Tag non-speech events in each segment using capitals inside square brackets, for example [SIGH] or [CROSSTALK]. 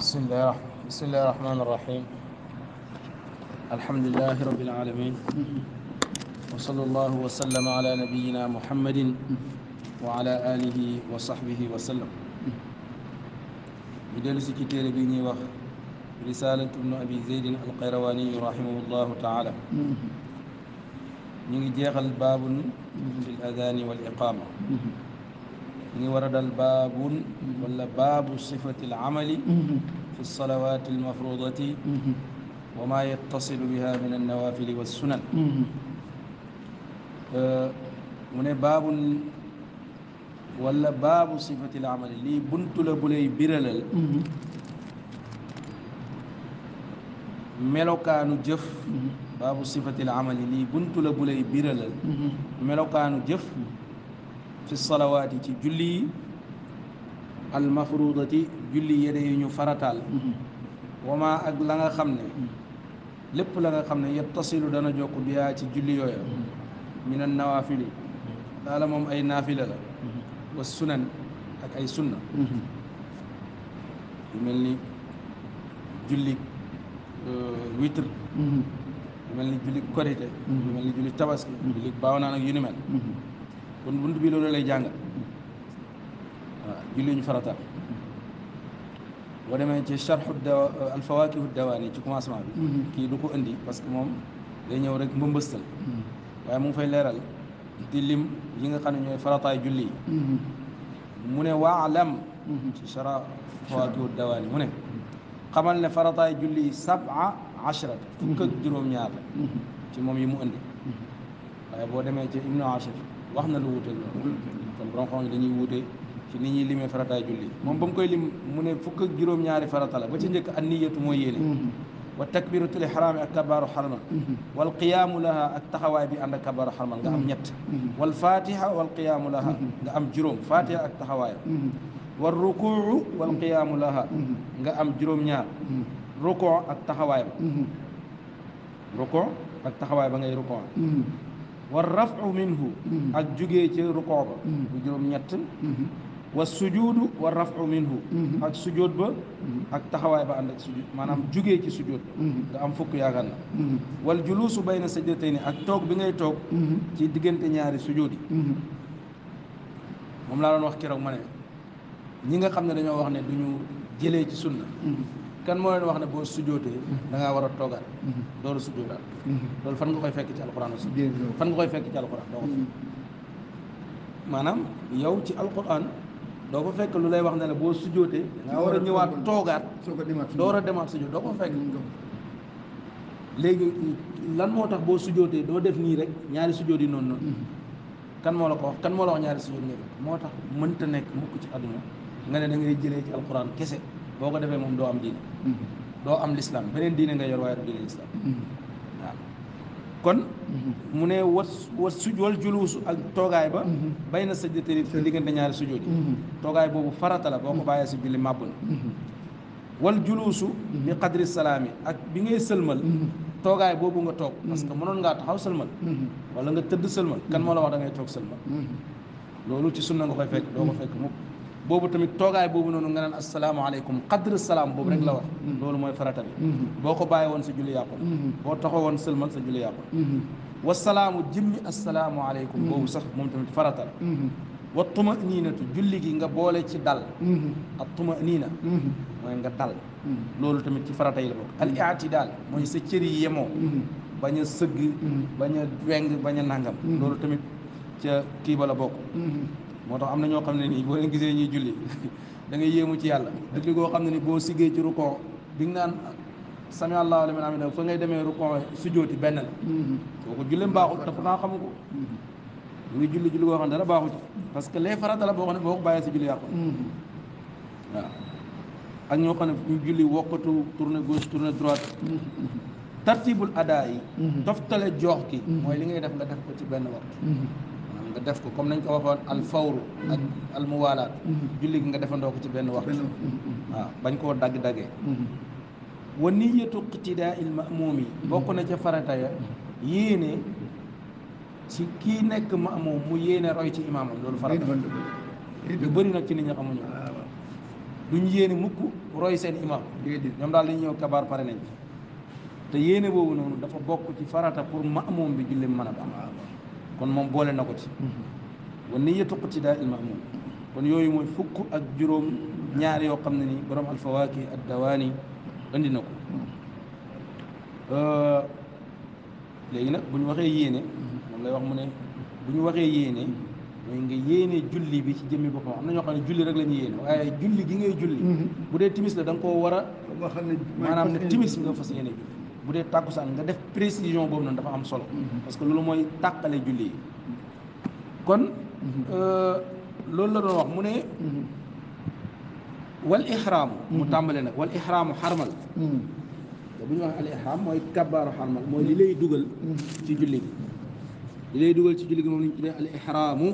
بسم الله بسم الله الرحمن الرحيم الحمد لله رب العالمين وصلى الله وسلم على نبينا محمد وعلى آله وصحبه وسلم بدل سكتير بني وخ رسالة ابن أبي زيد القيرواني رحمه الله تعالى نجي الباب في الأذان والإقامة نورد بابون ولا باب صفة العمل في الصلوات المفروضة وما يتصل بها من النوافل والسنن آه، من باب ولا باب صفة العمل لي بنت لبلي برلل ملوكانو جف باب صفة العمل لي بنت لبلي برلل ملوكانو جف fi salawaati ci julli yi almafruudati julli yére yu ñu farataal wamaa ak la nga xam ne lépp la nga xam ne yettasilu dana jokk biyaa ci julli yooya min an nawaafili daala moom ay naafila la wa sunan ak ay sunna yu mel ni julli witre yu mel ni julli korité yu mel ni julli tabaski julli baaw naan ak yu ni mel kon bunt bi loolu lay jàngal waaw julli ñu farata boo demee ci charxu dawa alfawakihu dawaani ci commencement bi mm-hmm. kii du ko indi parce que moom day ñëw rek mbëmbëstal mm-hmm. waaye mu ngi fay leeral di lim yi nga xam ne ñooy farataay julli yi mm-hmm. mu ne waalam ci chara fawakihu dawaani mu ne ne farataay julli yi sab'a ashrat fukk ak juróom-ñaar ci moom yi mu indi waaye boo demee ci ibnu ashir waxna lu wuté ñoom kon borom xam nga dañuy wuté ci ni ñuy limé farata julli mom bam koy lim mu ne fukk ak juróom-ñaari farata la ba ci ñëk an niyatu mooy yéene wa takbiratu lihram xaraami ak kabaaru xarmal wal qiyaamu laha ak taxawaay bi ànd ak kabaaru xarmal nga am ñett wal fatiha wal qiyaamu laha nga am juróom fatiha ak taxawaay wal rukuu wal qiyaamu laha nga am juróom-ñaar rukuu ak taxawaay ba ak taxawaay ba ngay rukuu war rafu minhu mm-hmm. ak jóge ca rukoo ba mm-hmm. bu juróom-ñett mm-hmm. war sujuudu wa rafu minhu ak sujood ba ak taxawaay ba ànd ak sujood maanaam jugee ci sujood ba nga am fukk yaakaar na wal juluusu bayna sajdatayni ak toog bi ngay toog ci diggante ñaari sujood yi moom laa doon wax keroog ma ne ñi nga xam ne dañoo wax ne duñu jële ci sunna kan moo leen wax ne boo sujootee mhm. dangaa war a toogaat mhm. door a sujootaat mhm. loolu fan nga koy fekk ci alxuraan aussi fan nga koy fekk ci alxuraan doo ko maanaam yow ci alxuraan doo ko fekk lu lay wax ne boo sujootee da ngaa war a ñëwaat toogaat war a demaat sujoot doo ko fekk léegi lan moo boo sujootee doo def nii rek ñaari sujoot yi noonu noonu ko kan moo la wax ñaari moo tax mënta nekk mukk ci àdduna nga ne da ngay jëlee ci alxuraan kese boo ko defee moom doo am diine mm-hmm. doo am lislaam beneen diine nga yor waaye du diine lislaam mm-hmm. waaw kon mm-hmm. mu ne was was suj wal juluusu ak toogaay ba bay na sajdatayni ci diggante ñaari sujjóot yi toogaay boobu farata la boo ko bàyyee si julli màbb na wal juluusu bi qadri salaami ak bi ngay sëlmal toogaay boobu nga toog parce que mënoon ngaa taxaw sëlmal wala nga tëdd sëlmal kan moo la wax da ngay toog sëlmal loolu ci na nga koy fekk doo ko fekk mukk boobu tamit toogaay boobu noonu nga naan asalaamaaleykum qadre salaam boobu rek la wax loolu mooy farata bi boo ko bàyyi woon sa julli yàqu boo taxawoon sëlmal sa julli yàqu wasalaamu jimmi asalaamaaleykum boobu sax moom tamit farata la wa tumaniinatu julli gi nga boole ci dal ak tumaniina mooy nga dal loolu tamit ci farata yi la bokk al i'tidaal mooy sa cër yi yemoo bañ a sëgg bañ a weng bañ a nàngam loolu tamit ca kii ba la bokk moo tax am na ñoo xam ne nii boo leen gisee ñuy julli [LAUGHS] da ngay yéemu ci yàlla julli goo xam ne ni boo siggee ci rukoo bi nga naan sami allahu liman hamida fa ngay demee rukoo sujooti benn la mm-hmm. kooku julleem baaxul te pourtant xamu ko mm-hmm. mu ngi julli julli goo xam ne dara baaxu parce que les farata boo xam ne boo ko bàyyee si julli yàqu mm-hmm. waaw ne ñu julli wokkatu tourné gauche tourné droite tartibul adaa yi toftale joox ki mooy li ngay def nga def ko ci benn waxtu nga def ko comme nañ ko waxoon al fawru ak al mm-hmm. julli gi nga defandoo ko ci benn waxtu mm-hmm. waaw bañ koo dagg-daggee mm-hmm. wa niyatu iqtidaa il mamuum yi bokk na ca farata ya ci kii nekk mamuum mu yéene roy ci imaamam loolu farata lu bëri ci nit ñi xamuñu duñ yéene mukk roy seen imaam ñoom daal dañu ñëw kabaar pare nañ te yéene boobu noonu dafa bokk ci farata pour mamuum bi julli mën a baax kon moom boole na ko ci wa niyatu iqtidaa il maamum kon yooyu mooy fukk ak juróom ñaar yoo xam ne ni borom alfawaaki ak dawaani andi na ko léegi nag bu ñu waxee yéene moom lay wax mu ne bu ñu waxee yéene mooy nga yéene julli bi ci jëmmi boppam am na ñoo xam ne julli rek la ñu yéene waaye julli gi ngay julli bu dee timis la da nga koo war a maanaam ne timis nga fas yéene julli bu dee tàkkusaan nga def précision boobu noonu dafa am solo mhm. parce que loolu mooy tàqale julli yi mhm. kon mhm. Euh, loolu la doon wax mu ne wal ihraamu mu tàmbale nag wal ihraamu xarmal bu ñu wax al mooy kabaaru xarmal mooy li lay dugal ci julli gi li lay dugal ci julli gi moom lañu tuddee al ihraamu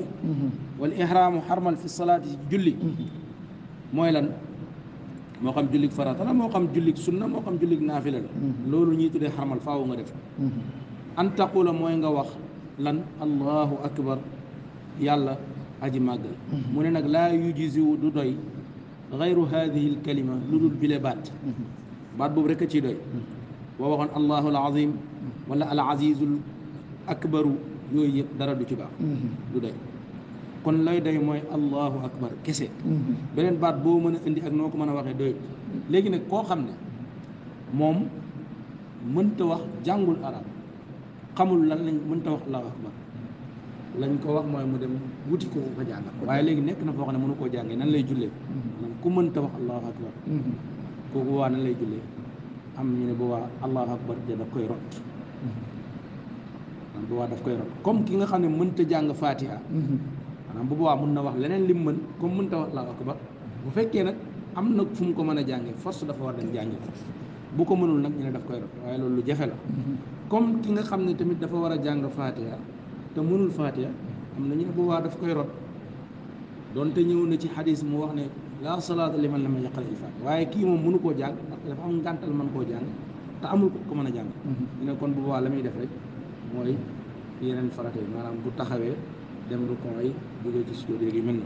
wal ihraamu xarmal fi salaati julli mooy lan moo xam jullik farata la moo xam jullik sunna moo xam jullik naafila la mm-hmm. loolu ñuy tuddee xaramal faaw nga def mm-hmm. an taqula mooy nga wax lan allahu akbar yàlla aji màggal mm-hmm. mu ne nag laa yujisiwu du doy gayru hadihi alkalima lu dul bile baat baat boobu rek a ciy doy boo waxoon allahu alazim wala al azizul akbaru yooyu yëpp dara du ci baax du doy kon lay day mooy allahu akbar kese mm-hmm. beneen baat boo mën a indi ak noo ko mën a waxee doy mm-hmm. léegi nag koo xam ne moom mënta wax jàngul arab xamul lan lañ mënta wax allahu akbar lañ ko wax mooy mu dem wuti ko ko waaye léegi nekk na foo xam ne mënu koo jàngee nan lay jullee mm-hmm. man ku mënta wax allahu akbar kooku waa nan lay jullee am ñu ne bu waa allahu akbar waa daf koy rot comme ki nga xam ne mënta jàng fatiha maanaam bu boobaa mun na wax leneen lim mën comme mën ta wax laa ba bu fekkee nag am na fu mu ko mën a jàngee force dafa war dem jàngi bu ko mënul nag ñu ne daf koy rot waaye lu jafe la ki nga xam ne tamit dafa war a jàng faatiha te mënul faatiha am na ñu ne bu boobaa daf koy rot donte ñëw na ci xadis mu wax ne laa la salaata liman lam yaqra al-faatiha waaye kii moom mënu koo jàng dafa am ngàntal mën koo jàng te amul ko mën a jàng mhm. ñu ne kon bu boobaa la muy def rek mooy yeneen farata yi maanaam bu taxawee dem rukon yi jógee ci sujjóot léegi mel na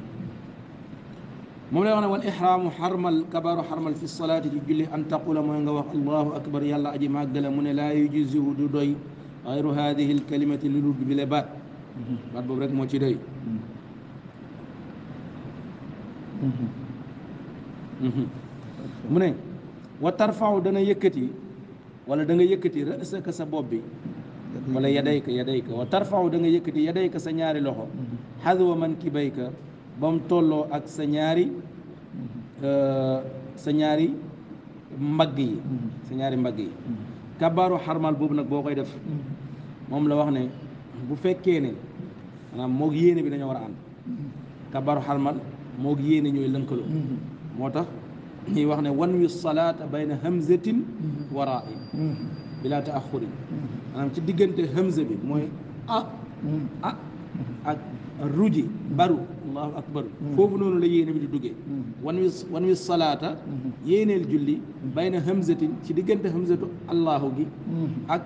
moom lay wax ne wal ihraamu xarmal kabaaru xarmal fi salaati ci julli an taqula mooy nga wax allahu akbar yàlla aji màggala mu ne laa yujizihu du doy xayru hadihi alkalimati li dul bi le baat baat boobu rek moo ci doy mu ne wa tarfau dana yëkkati wala da nga yëkkati rësaka sa bopp bi wala yadayka yadayka wa tarfau da nga yëkkati yadayka sa ñaari loxo mm-hmm. xadwa man ki bayka ba tolloo ak sa ñaari mm-hmm. euh, sa ñaari mbagg yi mm-hmm. sa ñaari mbagg yi kabaaru xarmal boobu nag boo koy def moom la wax ne bu fekkee ne maanaam moog yéene bi dañoo war a ànd kabaaru xarmal moog yéene ñooy lënkaloo moo tax ñuy wax ne wan wi salaata bayna hamzatin waraa bilaa taaxuri maanaam ci diggante hamza bi mooy ah ah ak ruji baru allahu akbar foofu noonu la yéene bi di duggee wan wi wan wi salaata yéeneel julli bayna hamzatin ci diggante hamzatu allahu gi ak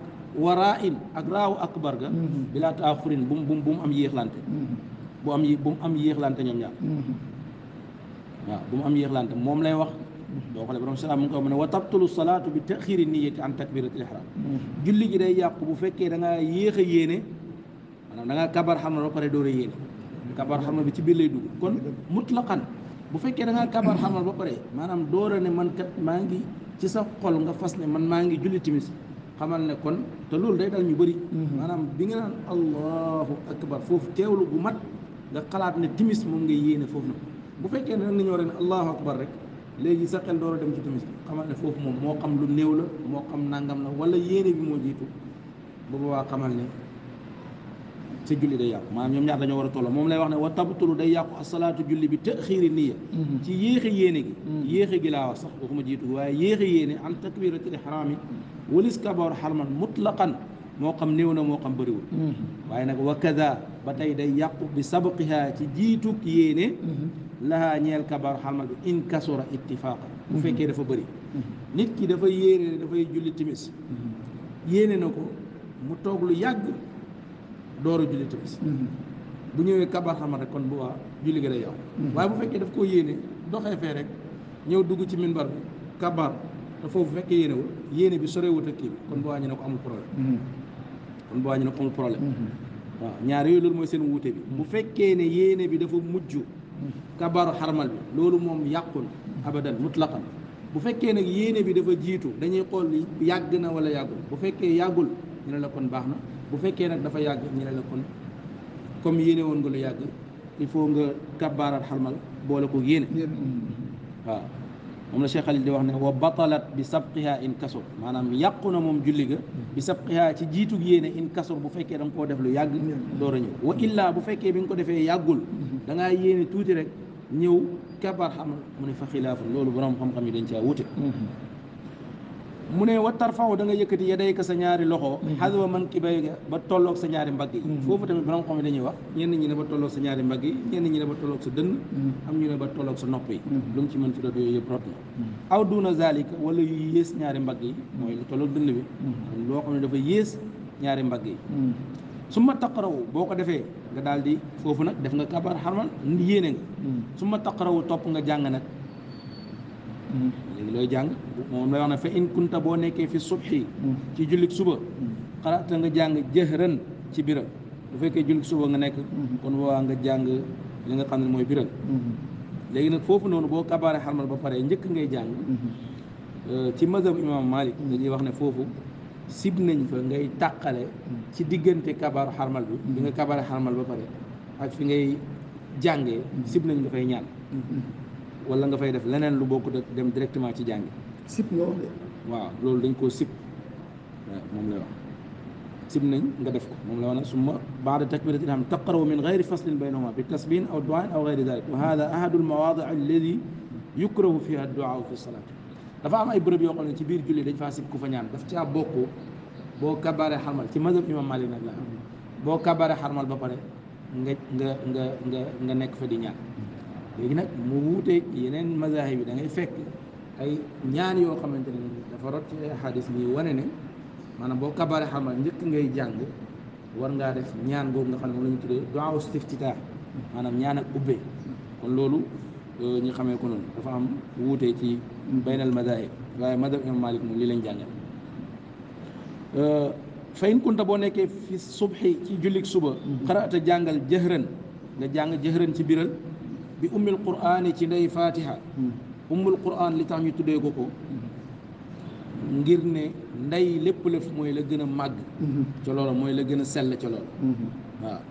warain ak raawu akbar ga bilaa taaxurin bu mu bu mu am yéexlante bu am bu mu am yéexlante ñoom ñaar waaw bu mu am yéexlante moom lay wax boo xoolee borom salaam mu ngi koy wax ne wa tabtulu salaatu bi taxiri niyati an takbirati lihram julli gi day yàqu bu fekkee da ngaa yéex a yéene maanaam da kabar xam na ba pare door a yéene kabar xam na bi ci biir lay dugg kon mutlaqan bu fekkee da ngaa kabar xam na ba pare maanaam door a ne man maa ngi ci sa xol nga fas ne man maa ngi julli timis xamal ne kon te loolu day dal ñu bëri mm-hmm. maanaam bi nga naan allahu akbar foofu teewlu bu mat nga xalaat ne timis moom ngay yéene foofu nag bu fekkee ne nag nga ñëw ren allahu rek léegi sa xel door a dem ci timis xamal ne foofu moom moo xam lu néew la moo xam nangam la wala yéene bi moo jiitu bu boobaa xamal ne sa julli day yàqu maanaam ñoom ñax dañoo war a tolloo moom lay wax ne wa tabtulu day yàqu asalaatu julli bi taxiiri niya mm-hmm. ci yéexe yéene gi mm-hmm. gi laa wax jiitu waaye yéexe yéene an takbiratil ihraami walis kabaor xarman mutlaqan moo xam néew moo xam bëriwul mm-hmm. nag wa ba tey day yàqu bi sabqiha ci jiituk yéene lahaa ñeel kabaar xalmal bi in kasura bu mhm. fekkee dafa bëri nit ki dafa yéene ne dafay julli timis mhm. yéene na ko mu toog lu yàgg door a julli timis mhm. bu ñëwee kabaar xalmal rek kon bu waa julli gi day waaye bu fekkee daf koo yéene doxee fee rek ñëw dugg ci minbar bi kabaar te foofu fekkee yéenewul yéene bi sorewut ak kii bi kon bu waa ñu ko amul problème kon bu waa ñu ko amul problème waaw ñaar yooyu loolu mooy seen wuute bi bu fekkee ne yéene bi dafa mujj kabaaru xarmal bi loolu moom yàqul abadan mutlaqan bu fekkee nag yéene bi dafa jiitu dañuy xool yàgg na wala yàggul bu fekkee yàggul ñu ne la kon baax na bu fekkee nag dafa yàgg ñu ne la kon comme yéene woon nga lu yàgg il faut nga kabaaral xarmal boole ko yéene waaw moom la Cheikh Khalil di wax ne wa batalat bi sabqiha in kasur maanaam yàqu na moom julli ga bi sabqiha ci jiitug yéene in kasur bu fekkee da nga def lu yàgg door a wa illa bu fekkee bi ko defee yàggul da ngaa yéene tuuti rek ñëw kabaar xam mu ne fa xilaafu loolu borom xam-xam yi dañ caa wute mm-hmm. mu ne wa tarfaw da nga yëkkati yadayka sa ñaari loxo mm-hmm. xadwa man kibay ba tolloog sa ñaari mbagg yi mm-hmm. foofu tamit borom xam yi dañuy wax ñenn ñi ne ba tolloog sa ñaari mbagg yi ñenn ñi ne ba tolloog sa dënn am ñu ne ba tolloog sa nopp yi lu mu ci mën ci doon yooyu yëpp rot na aw duuna zalika wala yu yées ñaari mbagg yi mooy lu tolloog dënn bi loo xam ne dafa yées ñaari mbagg yi su ma taqaraw boo ko defee nga daal di foofu nag def nga kabar xarmal yéene nga hmm. su ma taqaraw topp nga jàng nag hmm. léegi looy jàng moom lay wax ne fa in kunta boo nekkee fi subhi hmm. ci jullik suba xalaata nga jàng jëhran ci biral bu fekkee jullik suba nga nekk kon waa nga jàng li nga xam ne mooy biral léegi nag foofu noonu boo kabaare xarmal ba pare njëkk ngay jàng euh, ci mazhab imam malik dañuy wax ne foofu sib nañ fa ngay tàqale ci diggante kabaaru xarmal bi bi nga kabaare xarmal ba pare ak fi ngay jàngee sib nañ nga fay ñaan wala nga fay def leneen lu bokkut ak dem directement ci jàngi sib nga wax waaw loolu dañ koo sib moom lay wax sib nañ nga def ko moom la wax summa baada takbiratil ihram taqraw min gayri faslin baynahuma bi tasbin aw duain aw gayri dalik wa hada ahadu almawaadi alladi yukrahu fiha adduaa fi salaat dafa am ay bërëb yoo xam ne ci biir julli dañ faa sib ku fa ñaan daf caa bokk boo kabaare xarmal ci mazhab imam Malik nag la boo kabaare xarmal ba pare nga nga nga nga nga nekk fa di ñaan léegi nag mu wuuteeg yeneen mazahib bi da ngay fekk ay ñaan yoo xamante ne dafa rot ci ay xadis nii wane ne maanaam boo kabaare xarmal njëkk ngay jàng war ngaa def ñaan boobu nga xam ne moom la ñu tuddee du'a istiftitah maanaam ñaan ak ubbee kon loolu Euh, ñi xamee ko noonu dafa am wuute ci baynal madahib waaye madhab imam malik moom lii lañ jàngal euh, fa kunta boo nekkee fi subhi ci jullik suba xaraata jàngal jëhran nga jàng jëhran ci biral bi ummil qur'aani ci ndey fatiha ummul qur'aan li tax ñu tuddee ko ko ngir ne ndey lépp lëf mooy la gën a màgg mm-hmm. ca loola mooy la gën a sell ca loola mm-hmm. waaw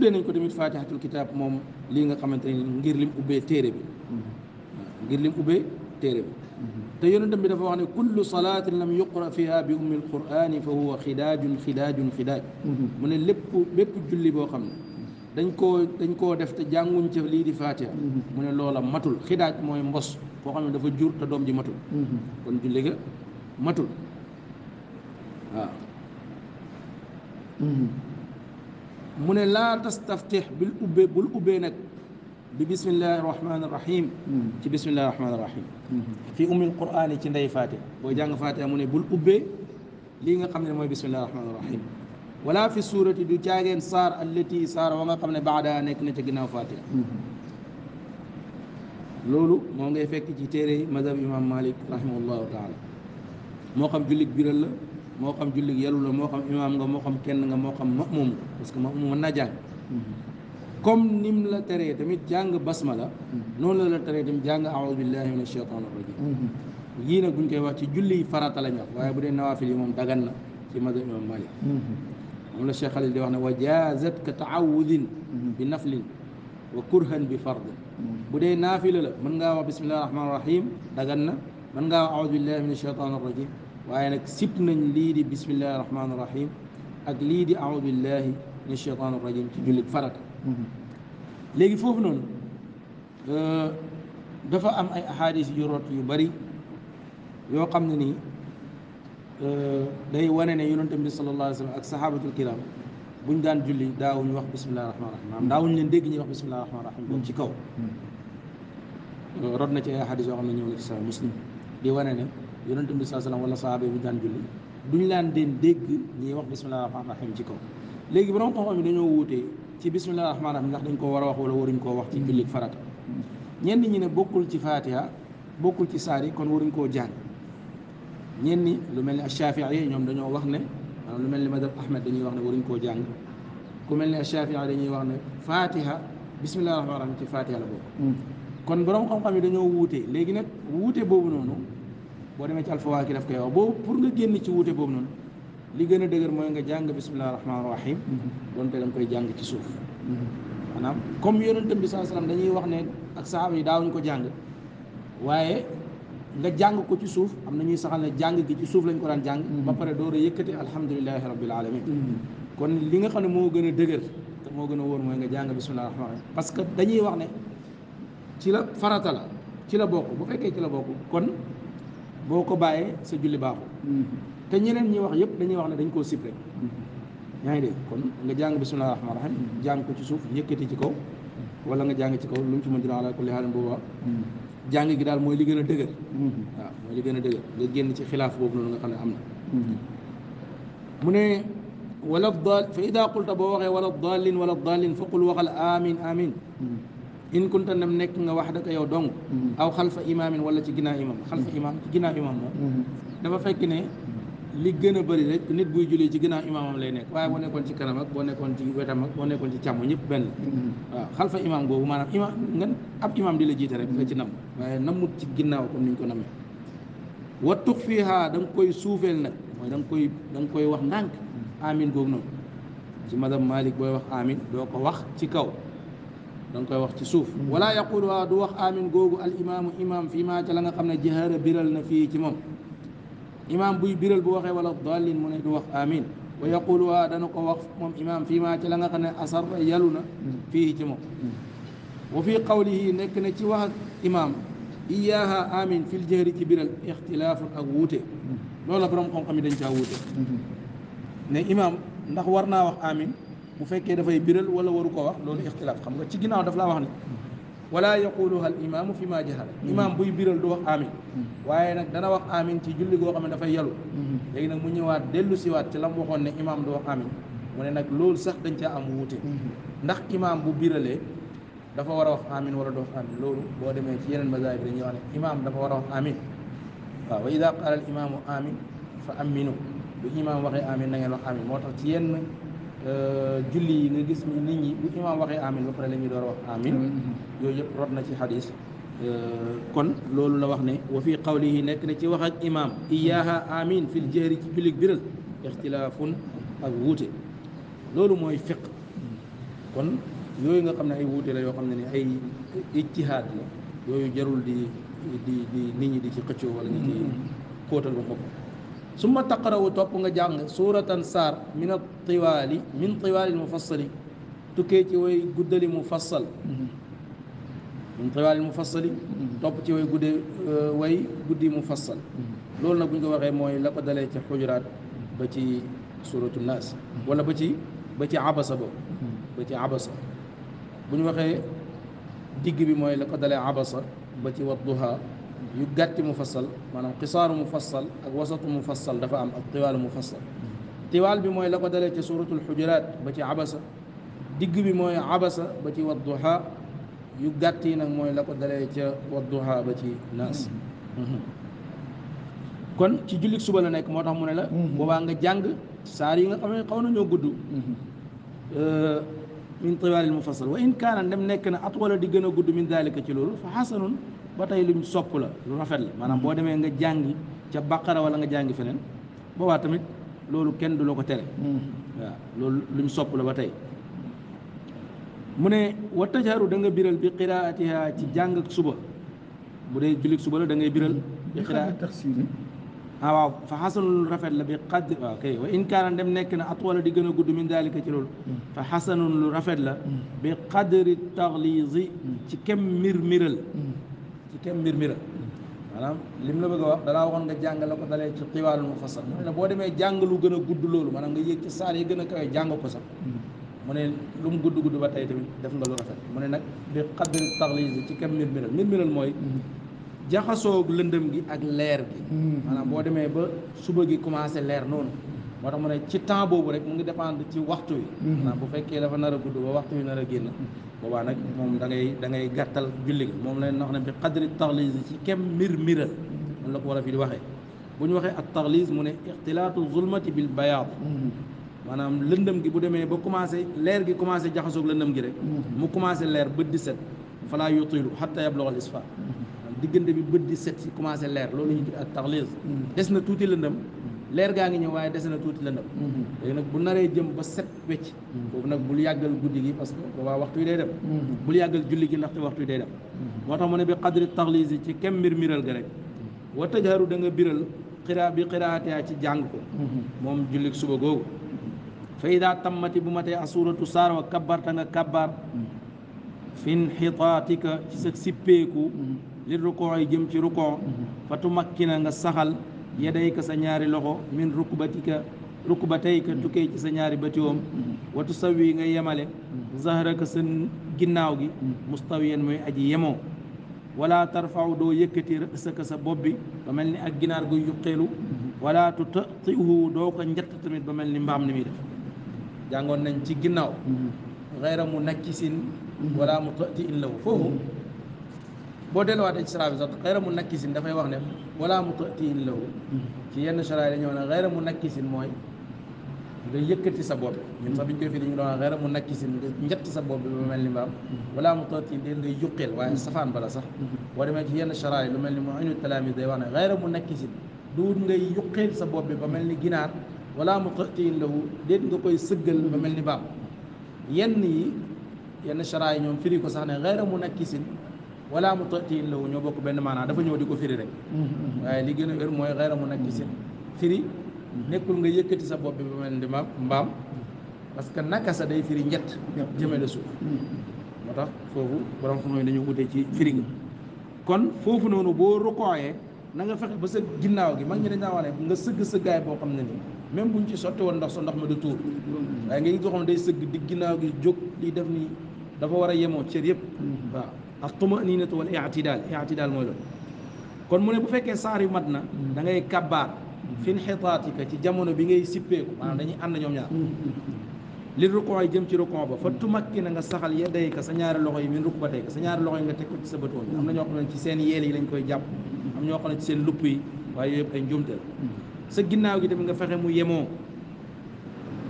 dee nañ ko tamit fatihatul kitab moom lii nga xamante ne ngir lim ubbee téere bi mm-hmm. ngir lim ubbee téere bi mm-hmm. te yonentam bi dafa wax ne kullu salaatin lam yuqra fiha bi ummi alqurani fa huwa xidaajun xidaajun xidaaj mm-hmm. mu ne lépp bépp julli boo xam ne dañ koo dañ koo def te jànguñ ci lii di fatiha mu ne loola matul xidaaj mooy mbos koo xam ne dafa jur te doom ji matul kon julli ga matul waaw من لا تستفتح بالأب بالأبينك ببسم الله الرحمن الرحيم بسم الله الرحمن الرحيم في أم القرآن تندي فاتح ويجان فاتح من بالأب لين قمنا ما بسم الله الرحمن الرحيم ولا في سورة دجاجين صار التي صار وما قمنا بعدها نكنا تجنا فاتح لولو مونغي فك تي تيري مذهب امام مالك رحمه الله تعالى موقف جليك بيرل moo xam jullit yelu la moo xam imaam nga moo xam kenn nga moo xam ma'muum nga parce que ma'muum mën naa jàng comme nim la teree tamit jàng basmala mm-hmm. noonu la la teree tamit jàng aoudu billahi min ashaytaan arrajim mm-hmm. yii nag buñ koy wax ci julli farata lañ wax waaye bu dee nawaafil yi moom dagan na ci madhab imam malik mm-hmm. moom la Cheikh Khalil di wax ne wa jaazat ka taawudin bi naflin wa kurhan bi fard bu dee naafila la mën ngaa wax bismillahi rahmaani rahim dagan na mën ngaa wax aoudu billahi min ashaytaan arrajim waaye nag sib nañ lii di bismillahi rahmaani rahim ak lii di aoudu billahi min cheytaan rajim ci jullit farata léegi foofu noonu dafa am ay ahadis yu rot yu bari yoo xam ne nii day wane ne yonente bi sallallahu alayhi wa sallam ak sahabatul kiram buñ daan julli daawuñ wax bismillahi rahmaani rahim maanaam daawuñ leen dégg ñuy wax bismillahi rahmaani rahim boobu ci kaw rot na ci ay ahadis yoo xam ne ñëw na ci sa muslim di wane ne yonent bi saa salaam wala sahaaba bi daan julli duñ laan deen dégg ñuy wax bisimilah rahmaani rahiim ci kaw léegi borom xam-xam dañoo wuute ci bisimilah rahmaani rahiim ndax dañ koo war a wax waruñ koo wax ci jullit farata ñenn ñi ne bokkul ci fatiha bokkul ci saar yi kon waruñ koo jàng ñenn lu mel ni ashafii ñoom dañoo wax ne lu mel ni madhab ahmed dañuy wax ne waruñ koo jàng ku mel ni ashafii dañuy wax ne fatiha bisimilah rahmaani ci fatiha hmm. kon borom xam-xam yi dañoo wuute léegi nag wuute boobu noonu boo demee ci alfawaaki daf koy wax boobu pour nga génn ci wuute boobu noonu li gën a dëgër mooy nga jàng bisimilah rahmaani rahim mm-hmm. donte da nga koy jàng ci suuf mm-hmm. comme yonentam bi saa dañuy wax ne ak saxaaba yi daawuñu ko jàng waaye nga jàng ko ci suuf am na ñuy saxal ne jàng gi ci suuf lañ ko daan jàng mm-hmm. ba pare door a yëkkati alhamdulilahi rabbil alamin kon li nga xam ne moo gën a dëgër te moo gën a mooy nga jàng bisimilah rahmaani parce que dañuy wax ne ci la farata la ci la bokk bu fekkee ci la bokk kon boko baye sa julli baaxul te ñeneen ñi wax yëpp dañuy wax ne dañ ko sib rek de kon nga jàng bismillahir rahmanir rahim jàng ko ci suuf yëkkati ci kaw wala nga jàng ci kaw luñ ci mën dina ala kulli xaalin booba jàng gi dal moy li gëna a wa moy li gëna a nga génn ci khilaf bobu nonu nga xamne amna mune wala daal fa ida qulta boo waxee wala daalin wala daalin faqul waxal amin amin in kunta nam nekk nga wax daka yow dong mm-hmm. aw xalfa imaamin wala ci ginnaaw imaam mm-hmm. xalfa imaam ci ginnaaw imaam moom mm-hmm. dafa fekk ne li gën a bari rek nit buy julli ci ginnaaw imaamam lay nekk waaye boo nekkoon ci kanam boo nekkoon ci wetam ak boo nekkoon ci càmm ñëpp benn waaw xalfa imaam boobu maanaam imaam nga ab di la jiite rek nga ci nam waaye namut ci ginnaaw comme niñ ko namee wa tux fiiha da koy suufeel nag mooy da koy da koy wax ndànk amin googu noonu ci madame Malick booy wax amin doo ko wax ci kaw دونك وقت سوف ولا يقول دو وخ امين غوغو الامام امام فيما جلا خا خنا جهار بيرل نا في تي موم امام بوي بيرل بو وخي ولا ضالين مون دو وخ امين ويقول هذا نكو وخ موم امام فيما جلا خا خنا اثر يلونا في تي موم وفي قوله نك نتي وخ امام اياها امين في الجهر تي بيرل اختلاف اك ووتي لولا بروم خم خمي دنجا ووتي ني نعم امام ndax warna wax amin mm -hmm. bu fekke da fay biral wala waru ko wax lolou ikhtilaf xam nga ci ginaaw daf la wax ni wala yaquluha al imam fi ma jahala imam buy biral du wax amin waye nak dana wax amin ci julli go xamne da fay yalu legi nak mu ñewat delu ci wat ci lam waxon ne imam du wax amin mu ne nak lolou sax dañ caa am wute ndax imam bu biralee dafa war a wax amin wala do wax amin lolou bo deme ci yenen mazahib dañ ñewane imam ne imaam dafa war wax amin wa wa idha qala al imam amin fa aminu bu imam waxe amin na ngeen wax amin motax ci yenn Euh, julli yi nga gis ni nit ñi bu imaam waxee amin ba pare la ñuy door a mm-hmm. yooyu yëpp rot na ci xadis euh, kon loolu la wax ne wa fi qawlihi nekk na ci wax ak imaam iyaaha amin fil jahri ci bilig biral ixtilaafun ak wuute loolu mooy fiq kon yooyu nga xam ne ay wuute la yoo xam ne ni ay ijtihaad la yooyu jarul di di nit ñi di ci xëccoo wala nit ci kóotal mm-hmm. ba ثم تقرأ توبنا جانغ سورة سار من الطوال من طوال المفصل تكيتي وي قدل مفصل من طوال المفصل توبتي وي قد وي قد مفصل لول نك نكو واخé موي لاكو دالé ci hujurat euh, ba ci suratul nas wala بتي عبس ba ci abasa bo ba ci abasa buñu waxé digg bi moy يغتي مفصل مانام قصار مفصل اك وسط مفصل دا ام الطوال مفصل طوال بي موي لاكو دالي سوره الحجرات با تي عبس ديغ بي موي عبس با تي والضحى يغتي نا موي لاكو دالي تي والضحى با تي ناس كون تي جوليك نيك موتاخ مونلا بوبا nga jang sar yi nga xamni من طوال المفصل وان كان لم نكن اطول دي غنا من ذلك تي فحسن ba tey luñ sopp la lu rafet la maanaam boo demee nga jàngi ca bàqara wala nga jàngi feneen boobaa tamit loolu kenn du la ko tere hmm. waaw loolu luñ sopp la ba tey mu ne wa tajharu da nga biral bi qiraatiha ci jàng suba bu dee jullit suba da ngay biral bi qiraat ah waaw fa xasanul rafet la bi qadr waaw kay dem nekk na at wala di gën a gudd min daalika ci loolu hmm. fa lu rafet la hmm. bi qadri taxliisi ci kem mir miral kem mbir mi la maanaam lim la bëgg a wax dalaa waxoon nga jàng la ko dalee ci xiwaalul mu fasal mu ne boo demee jàng lu gën a gudd loolu maanaam nga yéeg ci saal yi gën a kawe jàng ko sax mu ne lu mu gudd gudd ba tay tamit def nga lu rafet mu ne nag bi xaddari taxlise ci kem mbir mi la mbir mi la mooy jaxasoo lëndëm gi ak leer gi maanaam boo demee ba suba gi commencé leer noonu moo tax mu ne ci temps boobu rek mu ngi dépendre ci waxtu wi mm-hmm. maanaam bu fekkee dafa nar a gudd ba waxtu wi nar a génn boobaa nag moom da ngay da ngay gàttal julli ga moom leen wax ne bi qadri taxlis ci kem mir mira man la ko war a fi di waxee bu ñu waxee ak taxlis mu ne ixtilaatu zulmati bil bayaad maanaam lëndëm gi bu demee ba commencé leer gi commencé jaxasoog lëndëm gi rek mu commencé leer bët di set falaa yutilu xatta yabloga al isfa diggante bi bët di set si commencé leer loolu ñu ak taxlis des na tuuti lëndëm leer gaa ngi ñëw waaye dese na tuuti lëndëm mhm. léegi nag bu naree jëm ba set wecc boobu mhm. nag bul yàggal guddi gi parce que waa waxtu yi day dem mhm. bul yàggal julli gi ndax te waxtu yi day dem moo tax mu ne bi qadri ci kem mbir miral ga rek wa tajharu bi xiraatiyaa ci jàng ko moom jullik suba googu fa ida tammati bu ma tee asuratu saar wa kabbarta nga kabbar fin xitaatika ci sa sippeeku li rukoo yi jëm ci rukoo fa tumakkina nga saxal yadayka sa ñaari loxo min rukbatika rukbatayka tukkee ci sa ñaari batiwoom watu sawi nga yemale zahraka sa ginnaaw gi mustawiyan mooy aji yemoo wala tarfaw doo yëkkati rësaka sa bopp bi ba mel ni ak ginaar guy yuqeelu wala tutatihu doo ko njett tamit ba mel ni mbaam ni muy def jàngoon nañ ci ginnaaw xeyra mu nakkisin wala mu tati in law foofu بودلوات إسراف غير منكسين دفع وغنم ولا مطئتين له كي ين شرائع لنا غير منكسين موي غير يكتي سبب ين سبين كيف لنا غير منكسين يكتي سبب بمن لبام ولا مطئتين دين غير يقل وين سفان بلا صح ورما كي ين شرائع لمن لمعين التلاميذ ديوانا غير منكسين دون غير يقل سبب بمن لجنار ولا مطئتين له دين غير يسجل بمن لبام ين ين شرائع لنا فيديكو سحنا غير منكسين wala mu tatiin lahu ñoo bokk benn maanaa dafa ñëw di ko firi rek mm-hmm. waaye li gën a wér mooy xayra mu nakki sin firi mm-hmm. nekkul nga yëkkati sa bopp bi ba mel mbaam mm-hmm. parce naka nakasa day firi njett jëmale suuf moo tax foofu borom xam ne dañu wute ci firi kon foofu noonu boo rukooyee na nga fexe ba sa ginnaaw gi mag ñi dañ naa wax ne nga sëgg sëggaay boo xam ne nii même buñ ci sotti woon ndox sa ndox ma du tuur waaye nga gis boo xam ne day sëgg di ginnaaw gi jóg li def nii dafa war a yemoo cër yëpp waaw ak tumaninatu wal ictidaal ictidaal mooy loolu kon mu ne bu fekkee saar yu mat na da ngay kabbaar fin xitaatika ci jamono bi ngay sippeeku maanaam dañuy ànd ñoom ñaar li rukon yi jëm ci rukon ba fa na nga sa ñaari loxo yi sa ñaari loxo yi nga teg ko ci sa bëtoon yi lañ koy jàpp am ñoo xam ne ci seen lupp yi waaye yooyu yëpp ay njuumte la sa ginnaaw gi tamit nga fexe mu yemoo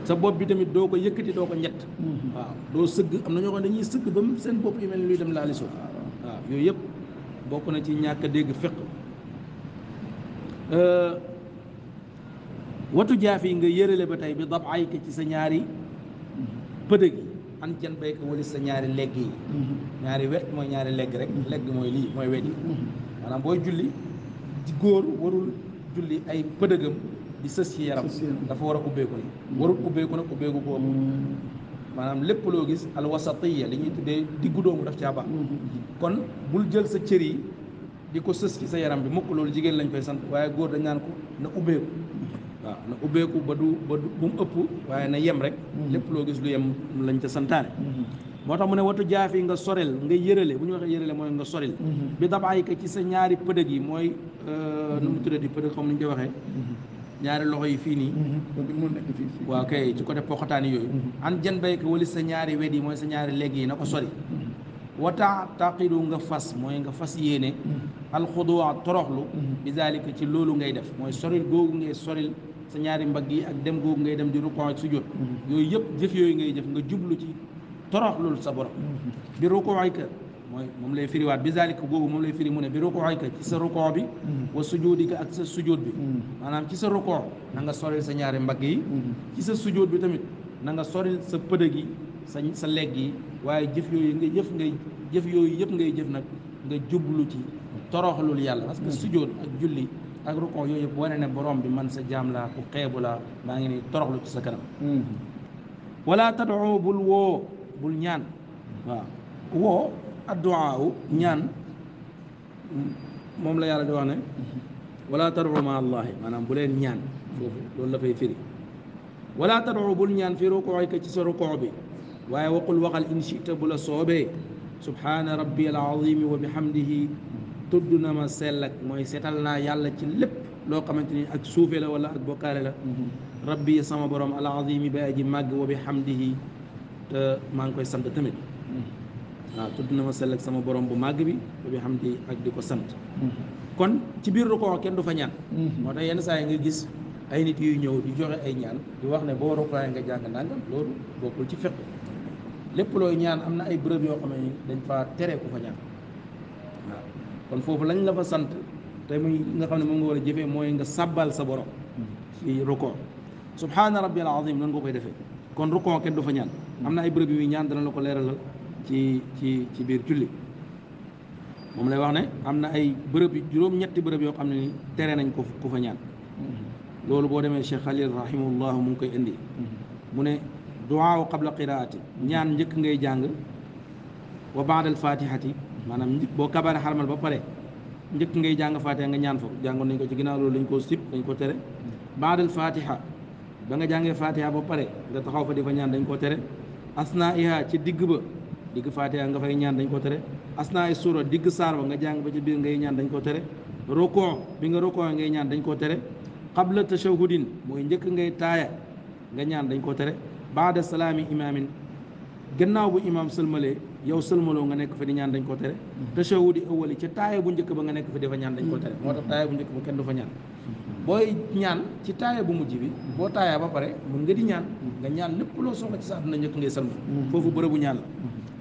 sa bopp bi tamit doo ko yëkkati doo ko ñett mm-hmm. waaw doo sëgg am na ñoo xam dañuy sëgg ba seen bopp yu mel luy dem laali suuf waaw yooyu yëpp bokk na ci ñàkk dégg fiq euh, watu jaaf yi nga yërale ba tey bi dab ay ci sa ñaari mm-hmm. pëdëg yi an jan bayka walis sa ñaari legg yi mm-hmm. ñaari wet mooy ñaari legg rek legg mooy lii mooy wet yi maanaam booy julli góor warul julli ay pëdëgam di sës ci yaram dafa war a ubbeeku ni warul ubbeeku nag ubbeeku boobu maanaam lépp loo gis alwasatiya li ñuy tuddee diggu doomu daf caa baax mm-hmm. kon bul jël sa cër yi di ko sës ci sa yaram bi mukk loolu jigéen lañ koy sant waaye góor dañ ko na ubbeeku waaw na ubbeeku ba du ba du bu mu ëpp waaye na yem rek mm-hmm. lépp loo gis lu yem lañ ca santaane mm-hmm. moo tax mu ne watu jaafi nga sorel nga yërale bu ñu waxee yërale mooy nga sorel bi dabaay ka ci sa ñaari pëdëg yi mooy euh, nu ñaari loxo yi fii nii mm-hmm. moo nekk fii waaw kay ci côté poxotaan yooyu mm-hmm. an jan bayka wali sa ñaari wet yi mooy sa ñaari léegi yi na ko sori mm-hmm. wata taqidu nga fas mooy nga fas yéene alxuduwa toroxlu bi zalika ci loolu ngay def mooy soril googu ngay soril sa ñaari mbagg yi ak dem googu ngay dem di rukon ak sujjóot yooyu yëpp jëf yooyu ngay jëf nga jublu ci toroxlul sa borom bi rukon ka moom lay firiwaat bi googu moom lay firi mu ne bi rukuuka ci sa rukoo bi wa sujuudika ak sa sujuud bi maanaam ci sa rukoo na nga soril sa ñaari mbagg yi ci sa sujuud bi tamit nanga nga sa pëdëg yi sa sa legg yi waaye jëf yooyu nga ngay jëf yooyu yëpp ngay jëf nag nga jublu ci toroxlul yàlla parce que hmm. sujood ak julli ak rukoo yooyu yëpp ne borom bi man sa jaam laa ku xeebu laa maa ngi ni toroxlu ci sa kanam hmm. wala tadoo bul woo bul ñaan woo الدعاء نيان موم لا يالا دي واخني ولا ترعوا مع الله مانام بولين نيان فوفو لول لا فاي فيري ولا ترعوا بول نيان في ركوعك تي سو ركوع بي واي وقل وقل ان شئت بولا صوبي سبحان ربي العظيم وبحمده تدنا ما سلك موي سيتالنا يالا تي لب لو خامتيني اك سوفي لا ولا اك بوكار لا ربي سما بروم العظيم باجي ماغ وبحمده ت مانكوي سانت تاميت waaw tudd na ma sell sama borom bu màgg bi bi xam di ak di ko sant mm-hmm. kon ci biir rukoo kenn du fa ñaan mm-hmm. moo yenn saa yi nga gis ay nit yuy ñëw di joxe ay ñaan di wax ne boo nga jàng nangam loolu bokkul ci fiqh lépp looy ñaan am na ay bërëb yoo xam dañ fa tere ku fa foofu lañ la sant te muy nga xam ne moom nga war mooy nga sàbbal sa borom mm-hmm. ci rukoo subhaana rabbil azim noonu nga koy defee kon rukoo kenn du fa ñaan am na ay bërëb yu ñaan dana la ko leeralal ci ci ci biir julli moom lay wax ne am na ay bërëb juróom-ñetti bërëb yoo xam ne ni tere nañ ko ku fa ñaan mm-hmm. loolu boo demee Cheikh Khalil rahimahullah mu ngi koy indi mm-hmm. mu ne duwaaw qabla qiraati ñaan njëkk ngay jàng wa baadal fatihati maanaam boo kabara xarmal ba pare njëkk ngay jàng fatiha nga ñaan fa jàngoon nañ ko ci ginnaaw loolu dañ koo sib dañ ko tere mm-hmm. baadal fatiha ba nga jàngee fatiha ba pare nga taxaw fa di fa ñaan dañ koo tere asnaiha ci digg ba digg faatiha nga fay ñaan dañ ko tere asnaay e suura digg saar ba nga jàng ba ci biir ngay ñaan dañ ko tere rokon bi nga rokon ngay ñaan dañ koo tere qabla tashahudin mooy njëkk ngay taaya nga ñaan dañ ko tere baada salaami imaamin gannaaw bu imaam sëlmalee yow sëlmaloo nga nekk fa di ñaan dañ ko tere tashahudi awali ci taaya bu njëkk ba nga nekk fa di ñaan dañ ko tere moo tax taaya bu njëkk ba kenn du fa ñaan booy ñaan ci taaya bu mujj bi boo taaya ba pare mën nga di ñaan nga ñaan lépp loo soxla ci sax dina njëkk ngay sëlmal foofu bërëbu ñaan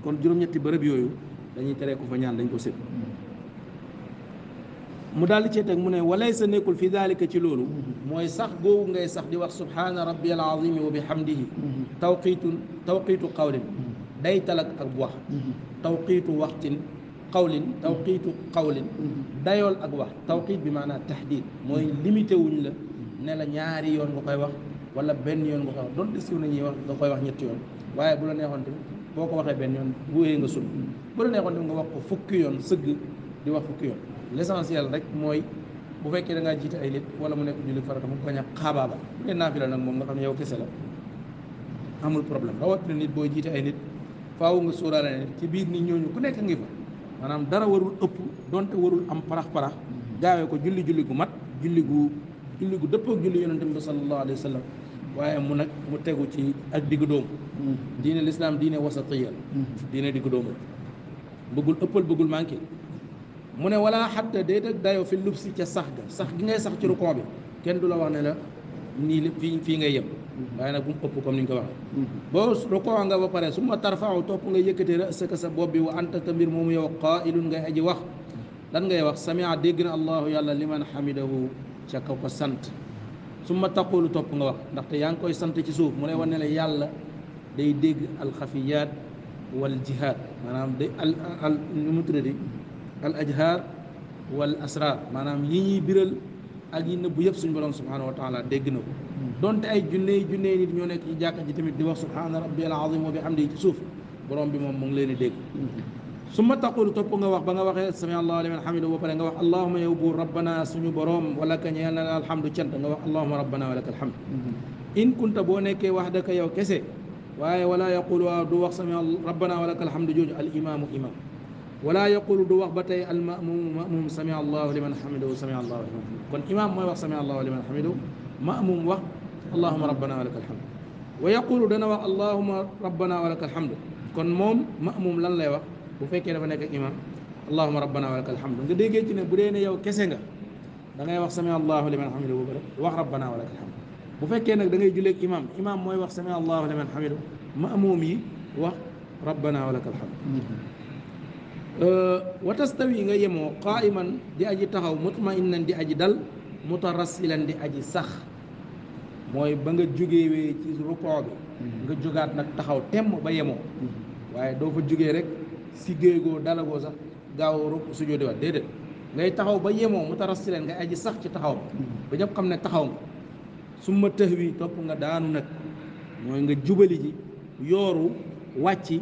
kon juróom-ñetti bërëb yooyu dañuy tere ko fa ñaan dañ ko sib mu dal ci tek mu ne walaysa nekul fi daalika ci lolu moy sax googu ngay sax di wax subhana rabbiyal azim wa bihamdihi tawqiitu tawqitu qawlin day talak ak wax tawqitu waqtin qawlin tawqiitu qawlin dayool ak wax tawqiit bi maanaa tahdid mooy limité wuñ la ne la ñaari yoon nga koy wax wala benn yoon nga koy wax doon de siiw nañuy wax nga koy wax ñetti yoon waaye bu la neexoon tamit boo ko waxee benn yoon nga sul bu la neexoon dem nga wax ko fukki yoon sëgg di wax fukki yoon l' rek mooy bu fekkee da ngaa jiite ay nit wala mu nekk julli farata mu bañ a xaabaaba bu dee naafila nag moom nga xam yow kese amul problème rawatina nit booy ay nit faaw nga nit ci biir nit ñooñu ku nekk fa dara warul ëpp donte warul am parax parax mhm. ko julli julli gu mat julli gu julli gu dëppoo ak julli bi sallallahu alayhi waaye mu nag mu tegu ci ak diggu dóomu mm. diine lislaam diine wasatiya mm. diine diggu dóomu bëggul ëppal bëggul manqué mu ne wala xatta day ak dayo fi lub si ca sax ga sax gi ngay sax ci rukon bi kenn du la wax ne la nii la fii fii ngay yem mm. waaye nag bu mu ëpp comme ni ñu ko waxee boo rukon nga ba pare su ma tarfaaw topp nga yëkkati rësaka sa bopp bi wa anta ta mbir moomu yow qaailun ngay aji wax lan ngay wax samia dégg na allahu yàlla liman xamidahu ca kaw ko sant su ma takkoo lu topp nga wax ndaxte yaa ngi koy sant ci suuf mu lay wane la yàlla day dégg alxafiyaat wal jihaad maanaam de al al ñu mu tuddati al ajhaar wal asraar maanaam yi ñuy biral ak yi nëbbu yëpp suñu borom subhaanahu wa taala dégg na ko donte ay junne yi junne yi nit ñoo nekk ci jàkka ji tamit di wax subhaana rabbiyal azim wa bihamdihi ci suuf borom bi moom mu ngi leen dégg summa taqulu topp nga wax ba nga waxee sami allah liman hamidu ba pare nga wax allahuma yow buur rabbana suñu borom wala ka ñeel na la alhamdu cant nga wax allahuma rabbana wa laka alhamd in kunta boo nekkee wax daka yow kese waaye wala yaqulu waaw du wax sami rabbana wa laka alhamdu jooju al imaamu imaam wala yaqulu du wax ba tey al mamumu mamum sami allahu liman hamidu sami allahu liman hamidu kon imaam mooy wax sami allahu liman hamidu mamum wax allahuma rabbana wa laka alhamdu wa yaqulu dana wax allahuma rabbana wa laka alhamdu kon moom mamum lan lay wax bu fekkee dafa nekk ak imam allahuma rabbana wa lakal hamdu nga déggee ci ne bu dee ne yow kese nga da ngay wax sami allahu liman hamidu bu rek wax rabbana wa lakal hamdu bu fekkee nag da ngay julleeg imam imam mooy wax sami allahu liman hamidu maamuum yi wax rabbana wa lakal hamdu wa tastawi nga yemoo qaiman di aji taxaw mutmainan di aji dal mutarasilan di aji sax mooy ba nga jógewee ci rukoo bi nga jógaat nag taxaw temm ba yemoo waaye doo fa jógee rek si géegoo dalagoo sax gaaw a rukk su jóotewaat déedéet ngay taxaw ba yemoo mu tara si leen ngay aji sax ci taxaw ba mm-hmm. ñëpp xam ne taxaw nga su ma tëx wi topp nga daanu nag mooy nga jubali ji yooru wàcci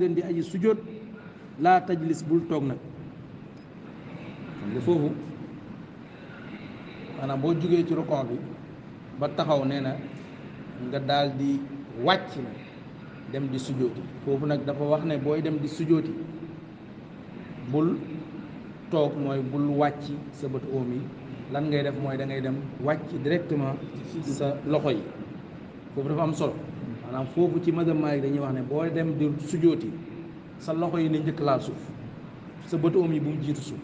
ren di aji sujjóot laa tajlis bul toog nag xam nga foofu maanaam boo jógee ci rukon bi ba taxaw nee na nga daal di wàcc dem di sujooti foofu nag dafa wax ne booy dem di sujooti bul toog mooy bul wàcc sa bët oom yi lan ngay def mooy da ngay dem wàcc directement sa loxo yi foofu dafa am solo maanaam foofu ci madame yi dañuy wax ne boo dem di sujooti sa loxo yi ne njëkk laal suuf sa bët om yi bu mu jiitu suuf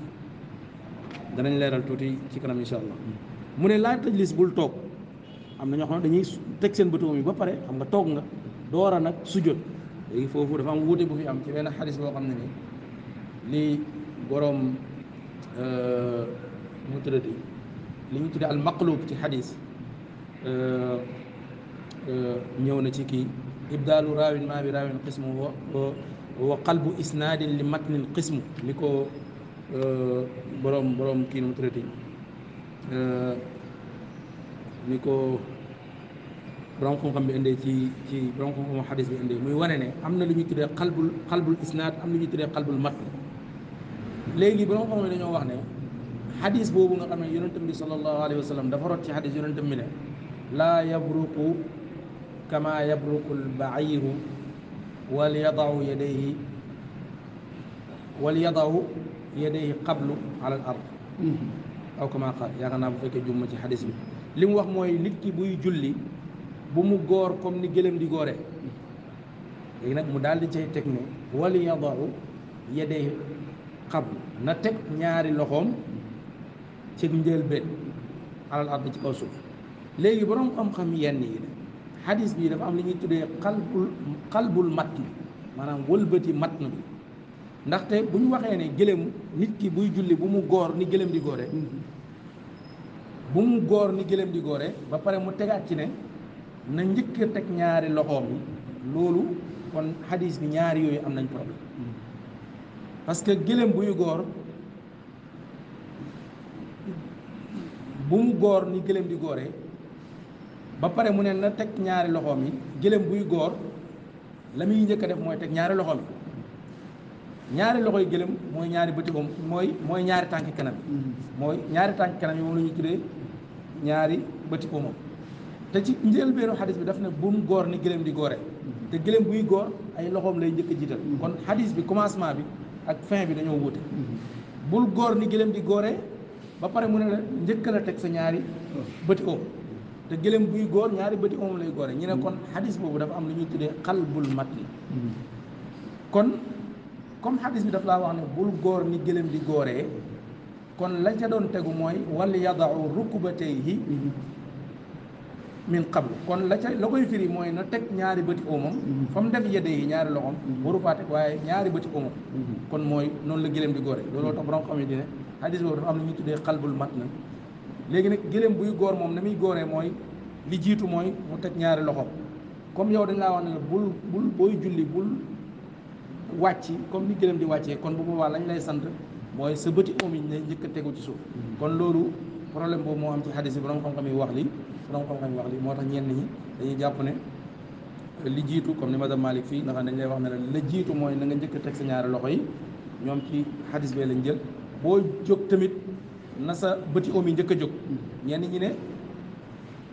danañ leeral tuuti ci kanam incha allah mu ne laa tajlis bul toog am na ñoo xam ne dañuy teg seen bët oom yi ba pare xam nga toog nga door a nag sujjóot léegi foofu dafa am wuute bu fi am ci benn xadis boo xam ne ni lii boroom mu tëddati li ñu tuddee al maqlub ci xadis ñëw na ci kii ibdaalu raawin maa bi raawin qismu wa qalbu isnaadin li matnin qismu li ko boroom boroom kii nu mu tëddati ni ko borom xam-xam bi indee ci ci borom xam-xamu xadis bi indee muy wane ne am na lu ñuy tuddee xalbul xalbul isnaad am lu ñuy tuddee xalbul matn léegi borom xam-xam yi dañoo wax ne xadis boobu nga xam ne yonentam bi sallallahu alayhi wa sallam dafa rot ci xadis yonentam bi ne laa yabruqu kama yabruqu lbairu wal yadau yadayhi wal yadau yadayhi qablu ala al ard aw kama qaal yaakaar naa bu fekkee jumma ci xadis bi li mu wax mooy nit ki buy julli bu mu góor comme ni gëlëm di goore léegi nag mu daal di cay teg ne wala yadaru yedey xabl na teg ñaari loxoom ci njëlbéen alal ard ci kaw suuf léegi borom xam-xam yenn yi ne xadis bii dafa am li ñuy tuddee xalbul xalbul matn maanaam wëlbati matn bi ndaxte bu ñu waxee ne gëlëm nit ki buy julli bu mu góor ni gëlëm di góore bu mu góor ni gëlëm di góore ba pare mu tegaat ci ne na njëkk teg ñaari loxoom yi loolu kon xadis bi ñaari yooyu am nañ problème parce que gëléem buy goor bu mu góor ni gëléem di góoree ba pare mu ne na teg ñaari loxoom yi gëléem buy góor la muy njëkk def mooy teg ñaari loxoom yi ñaari loxo yi gëléem mooy ñaari bëti om mooy mooy ñaari tànki kanam mm-hmm. mooy ñaari tànki kanam yi moom la ñuy tuddee ñaari bëti omam te ci njëlbéenu xadis bi daf ne bu mu góor ni gëléem di góore te gëléem buy góor ay loxoom lay njëkk a jiital mm-hmm. kon xadis bi commencement bi ak fin bi dañoo wuute mm-hmm. bul góor ni gëléem di góore ba pare mu ne la njëkk la teg sa ñaari bëti oom te gëléem buy góor ñaari bëti oom lay góore ñu ne kon mm-hmm. xadis boobu dafa am lu ñuy tuddee xalbul matni kon comme xadis bi daf laa wax ne bul góor ni gëléem di góoree kon la ca doon tegu mooy wal yadau rukubatayhi min qablu kon la ca la koy firi mooy na teg ñaari bëti oomam mm-hmm. fa mu def yedde yi ñaari loxoom mm-hmm. waru faa teg waaye ñaari bëti oomam mm-hmm. kon mooy noonu la gëléem di góore looloo tax borom xam yi di ne hadis boobu dafa am lu ñuy tuddee xalbul mat na léegi nag gëléem buy góor moom na muy góoree mooy li jiitu mooy mu teg ñaari loxoom comme yow dañ laa wax ne la bul bul booy julli bul wàcc comme ni gëléem di wàccee kon bu boobaa lañ lay sant mooy sa bëti oom yi ne njëkk a tegu ci suuf kon loolu problème boobu moo am ci xadis yi borom xam-xam yi wax li borom xam-xam yi wax li moo tax ñenn ñi dañuy jàpp ne li jiitu comme ni madame Malick fii nga dañ lay wax ne la la jiitu mooy na nga njëkk a teg sa ñaari loxo ñoom ci xadis lañ jël boo jóg tamit na sa bëti oom yi njëkk ñenn ñi ne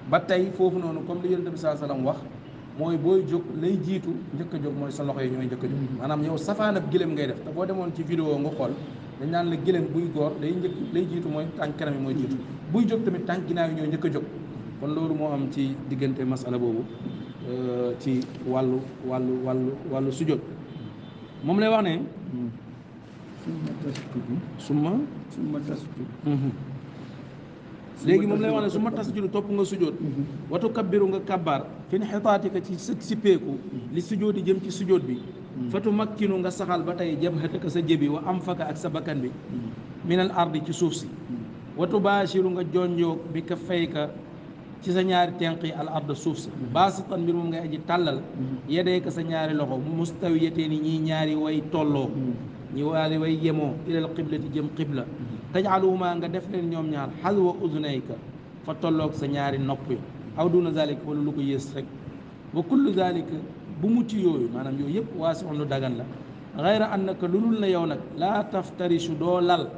ba tey foofu noonu comme li yonent bi saa salaam wax mooy booy jóg lay jiitu njëkk a jóg mooy sa loxo yi ñooy njëkk a jóg mm-hmm. maanaam yow safaanab gileem ngay def te demoon ci vidéo nga xool dañ daan la gëléem buy goor day njëkk lay jiitu mooy tànk kanam yi mooy jiitu buy jóg tamit tànk ginnaaw yi ñoo njëkk jóg kon loolu moo am ci diggante masala boobu euh, ci wàllu wàllu wàllu wàllu sujjóot moom lay wax ne summa summa tasjud mhm. léegi moom lay wax ne summa tasjud topp nga sujjóot mhm. watu kabbiru nga kabbaar fi n xitaatika ci sippeeku mhm. li sujjóot yi jëm ci sujjóot bi fatu makkinu nga saxal ba tey jëm xëtëka sa jëbi wa am faka ak sa bakkan bi minal ardi ci suuf si watu baashiru nga jonjoog bi ka fayka ci sa ñaari tenq yi al arda suuf si baasitan mbir moom ngay aji tàllal yedee ka sa ñaari loxo mustawiyatee ni ñii ñaari way tolloo ñi waari way yemoo ilal qiblati jëm qibla tajaaluhuma nga def leen ñoom ñaar xalwa udunayka fa tollook sa ñaari nopp yi aw duna zalika wala lu ko yées rek wa kullu zalika bu mucc yooyu maanaam yooyu yëpp waasi on lu dagan la an annaka lu dul na yow nag laa taftarishu doo lal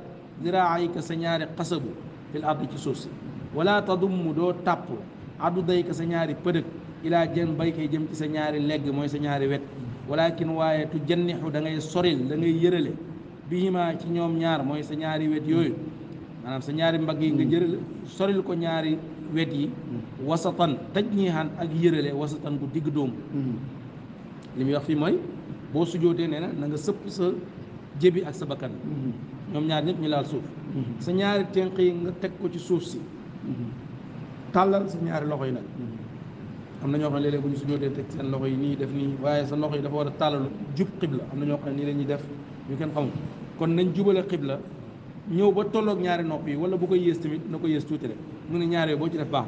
ziraayika sa ñaari xasabu fil ardi ci suuf si wala tadummu doo tàpp addu dayka sa ñaari illaa jëm jën baykay jëm ci sa ñaari legg mooy sa ñaari wet walakin waaye tu jannixu da ngay soril da ngay yërale ma ci ñoom ñaar mooy sa ñaari wet yooyu maanaam sa ñaari mbagg yi nga jërale soril ko ñaari wet yi mm. wasatan tajnihan ak yërale wasatan gu digg dóomu mm. li muy wax fii mooy boo sujjootee nee na na nga sëpp sa jébi ak sa bakkan mm-hmm. ñoom ñaar nit ñu laal suuf mm-hmm. sa ñaari tenq yi nga teg ko ci suuf si mm-hmm. tàllal sa ñaari loxo yi nag am na ñoo xam ne léeg-léeg bu ñu sujjootee teg seen loxo yi nii def nii waaye sa loxo yi dafa war a tàllalu jub xibla am na ñoo xam ne nii lañuy def ñu kenn xamul kon nañ jubale xibla ñëw ba tolloog ñaari nopp yi wala bu ko yées tamit na ko yées tuuti rek mu ne ñaari boo ci def baax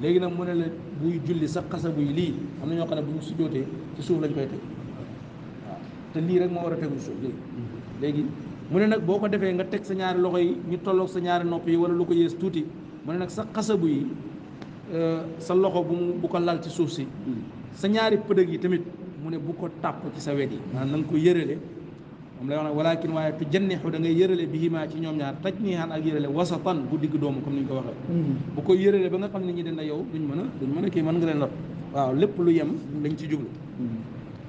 léegi nag mu ne la buy julli sax xasa buy lii am na ñoo xam ne bu ñu sujjootee ci suuf lañ koy teg waaw te lii rek moo war a tegu suuf lii léegi mu ne nag boo ko defee nga teg sa ñaari loxo yi ñu tolloog sa ñaari nopp yi wala lu ko yées tuuti mu ne nag sa xasabu yi euh, sa loxo bu mu bu ko lal ci suuf si hmm. sa ñaari pëdëg yi tamit mu ne bu ko tàpp ci sa wet yi maanaam na nga ko yërale moom lay wax nag walakin waaye tu jannixu da ngay yërale bihimaa ci ñoom ñaar taj niixaan ak yërale wasatan bu digg doomu comme ni ko waxee mm-hmm. bu ko yërale ba nga xam ne ñi den la yow duñ mën a duñ mën a kii mën nga leen lor waaw lépp lu yem lañ ci jublu mm-hmm.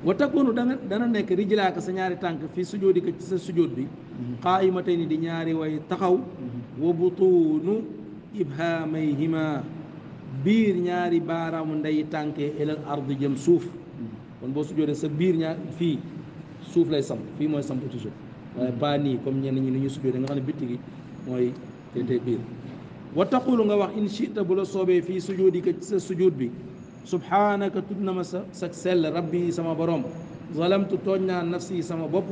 wa takoonu dana dana nekk rijlaaka sa ñaari tànk fii sujoodi ko ci sa sujood bi mm-hmm. qaayimatay ni di ñaari way taxaw wa butuunu ibhaamayhima biir ñaari baaraamu ndey tànkee ilal ard jëm suuf kon boo sujoodee sa biir ñaar fii souf lay samp fi moy samp toujours waaye pas ni comme ñen ni nu subee da nga xam bitigi moy gi bir wa taqulu nga wax in shi'ta bula sobe fi sujudi sujuudika ci sa sujuud bi subhanaka tudd na ma sa sa rabbi sama borom zalamtu tooñ nafsi sama bop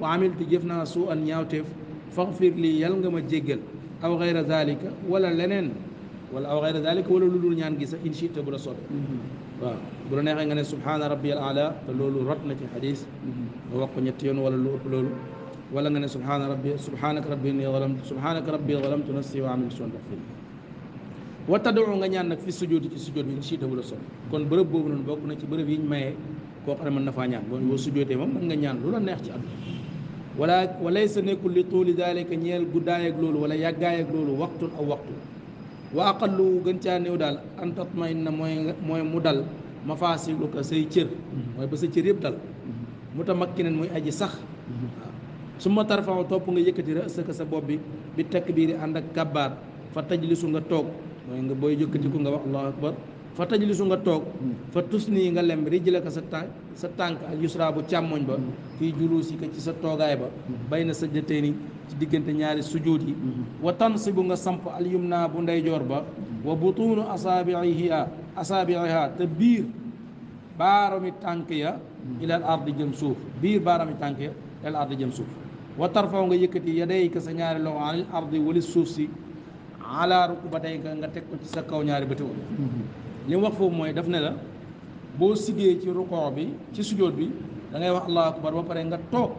wa amiltu jefna naa suu an ñaawteef faxfir lii yal nga ma jegal aw ghayra zalika wala lenen wala aw ghayra zalika wala lulul ñaan gi sa in shi'ta bula sobe waaw bu la neexee nga ne subhaana rabbi al ala te loolu rot na ci xadis nga wax ko ñetti yoon wala lu ëpp loolu wala nga ne subhaana rabbi subhaanaka rabbi inni zalamtu subhaanaka rabbi zalamtu nafsi wa amil son dafin wa tadoo nga ñaan nag fi sujjóoti ci sujjóot bi si tawu la sol kon bërëb boobu noonu bokk na ci bërëb yi ñu mayee koo xam ne mën na faa ñaan boo sujjóotee moom mën nga ñaan lu la neex ci àdduna wala walaysa nekkul li tuuli daalika ñeel guddaay ak loolu wala yàggaay ak loolu waxtun aw waxtu wa aqallu gën caa néew daal an tatmainna mooy mooy mu dal mafaasilu ka say cër mm-hmm. ba sa cër yëpp dal mm-hmm. muta tamakkinen muy aji sax mm-hmm. waaw su ma tarfaw topp nga yëkkati rësaka sa bopp bi bi takbiiri ànd ak kabbaar fa tajlisu nga toog mooy nga booy yëkkati ko nga wax allahu akbar fa tajlisu nga fa nga lem sa sa yusra bu càmmoñ ba fii julusi ka ci sa toogaay ba sa ni ci diggante ñaari sujuud yi mhm. wa tansibu nga samp alyumna bu ndeyjoor ba mhm. wa butuunu asaabiiha asaabiiha te biir baarami tànk ya mhm. ilal ardi jëm suuf biir baarami tànk ya ilal ardi jëm suuf wa tarfaw nga yëkkati yadayka sa ñaari loxo anil ardi wali suuf nga teg ko ci sa kaw ñaari bëti li mu wax foofu mooy daf ne la boo siggee ci ruqoo bi ci sujood bi da ngay wax allahu akbar ba pare nga toog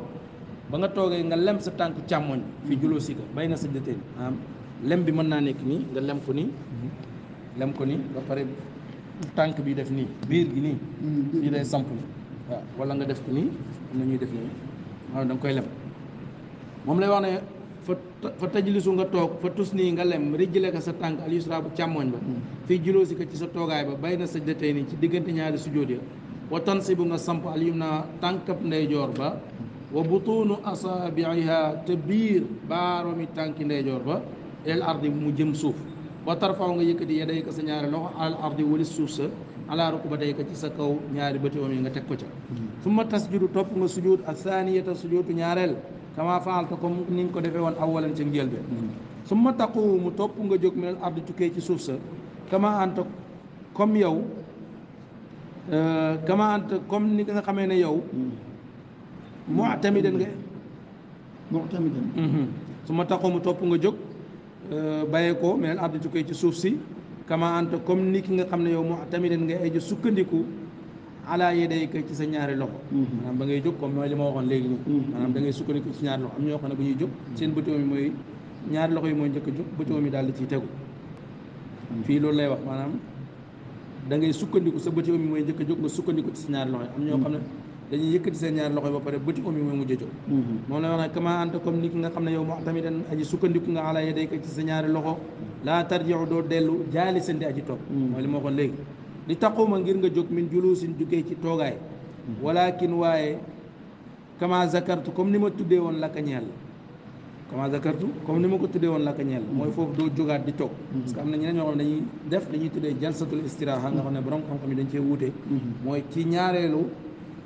ba nga toogee nga lem sa tànk càmmoñ fi juloo si ko bay na sa jëteen lem bi mën naa nekk nii nga lem ko nii lem ko nii ba pare tànk bi def nii biir gi nii mm-hmm. fii day wala nga def ko nii am na ñuy def nii maanaam koy lem moom lay wax ne fa fa tajlisu nga toog fa tus nii nga lem rijjle ko sa tànk al yusra bu càmmoñ ba mm-hmm. fii juloo si ko ci sa toogaay ba bay na sa jëteen nii ci diggante ñaari sujjóot ya wa tansibu nga samp al yumna tànkab ndeyjoor ba wa butuunu asaabiha te biir baaroomi tànki ndeyjoor ba ilal ardi mu jëm suuf ba tarfaw nga yëkkati ya day ko sa ñaari loxo alal ardi walis suuf sa alaa ko ba day ko ci sa kaw ñaari bëti oom yi nga teg ko ca tas tasjudu topp nga sujuud a saaniyata sujuudu ñaareel kama faalta comme ni nga ko defee woon awalan ca njël bi summa mu topp nga jóg minal ardi tukkee ci suuf sa kama anta comme yow euh, kama anta comme ni nga xamee ne yow mu'tamidan nga mu'tamidan mhm. su ma taxaw mu topp nga jóg euh, bàyyee ko mel abdi tukkee ci suuf si kama anta comme ni ki nga xam ne yow mu'tamidan nga ay sukkandiku ala yadayka ci sa ñaari loxo mhm. maanaam ba ngay jóg comme mooy li waxoon léegi nii mhm. maanaam da sukkandiku ci ñaari ñoo xam ne bu ñuy jóg seen bëtoom yi mooy ñaari loxo yi mooy njëkk a jóg bëtoom yi daal di ciy tegu fii loolu lay wax maanaam da sukkandiku sa bëtoom yi mooy njëkk jóg nga sukkandiku ci sa am ñoo xam ne dañuy yëkkati seen ñaari loxo yi ba pare bëti om yi mooy mujj a jóg mm-hmm. moom la wax nag kama anta comme ni ki nga xam ne yow mu tamit den aji sukkandiku nga ala yadayka ci sa ñaari loxo laa tarjiu doo dellu mm-hmm. ma waxoon léegi li taquma ngir nga jóg min ci toogaay mm-hmm. walakin waaye kama zakartu comme ni ma tuddee woon la ka ñeel zakartu comme ni ma ko tuddee woon la ka mooy foofu doo jógaat di toog parce que am na ñeneen ñoo xam ne dañuy def dañuy tuddee jalsatul istiraha nga xam ne borom xam-xam yi dañ cee wuute mooy ci ñaareelu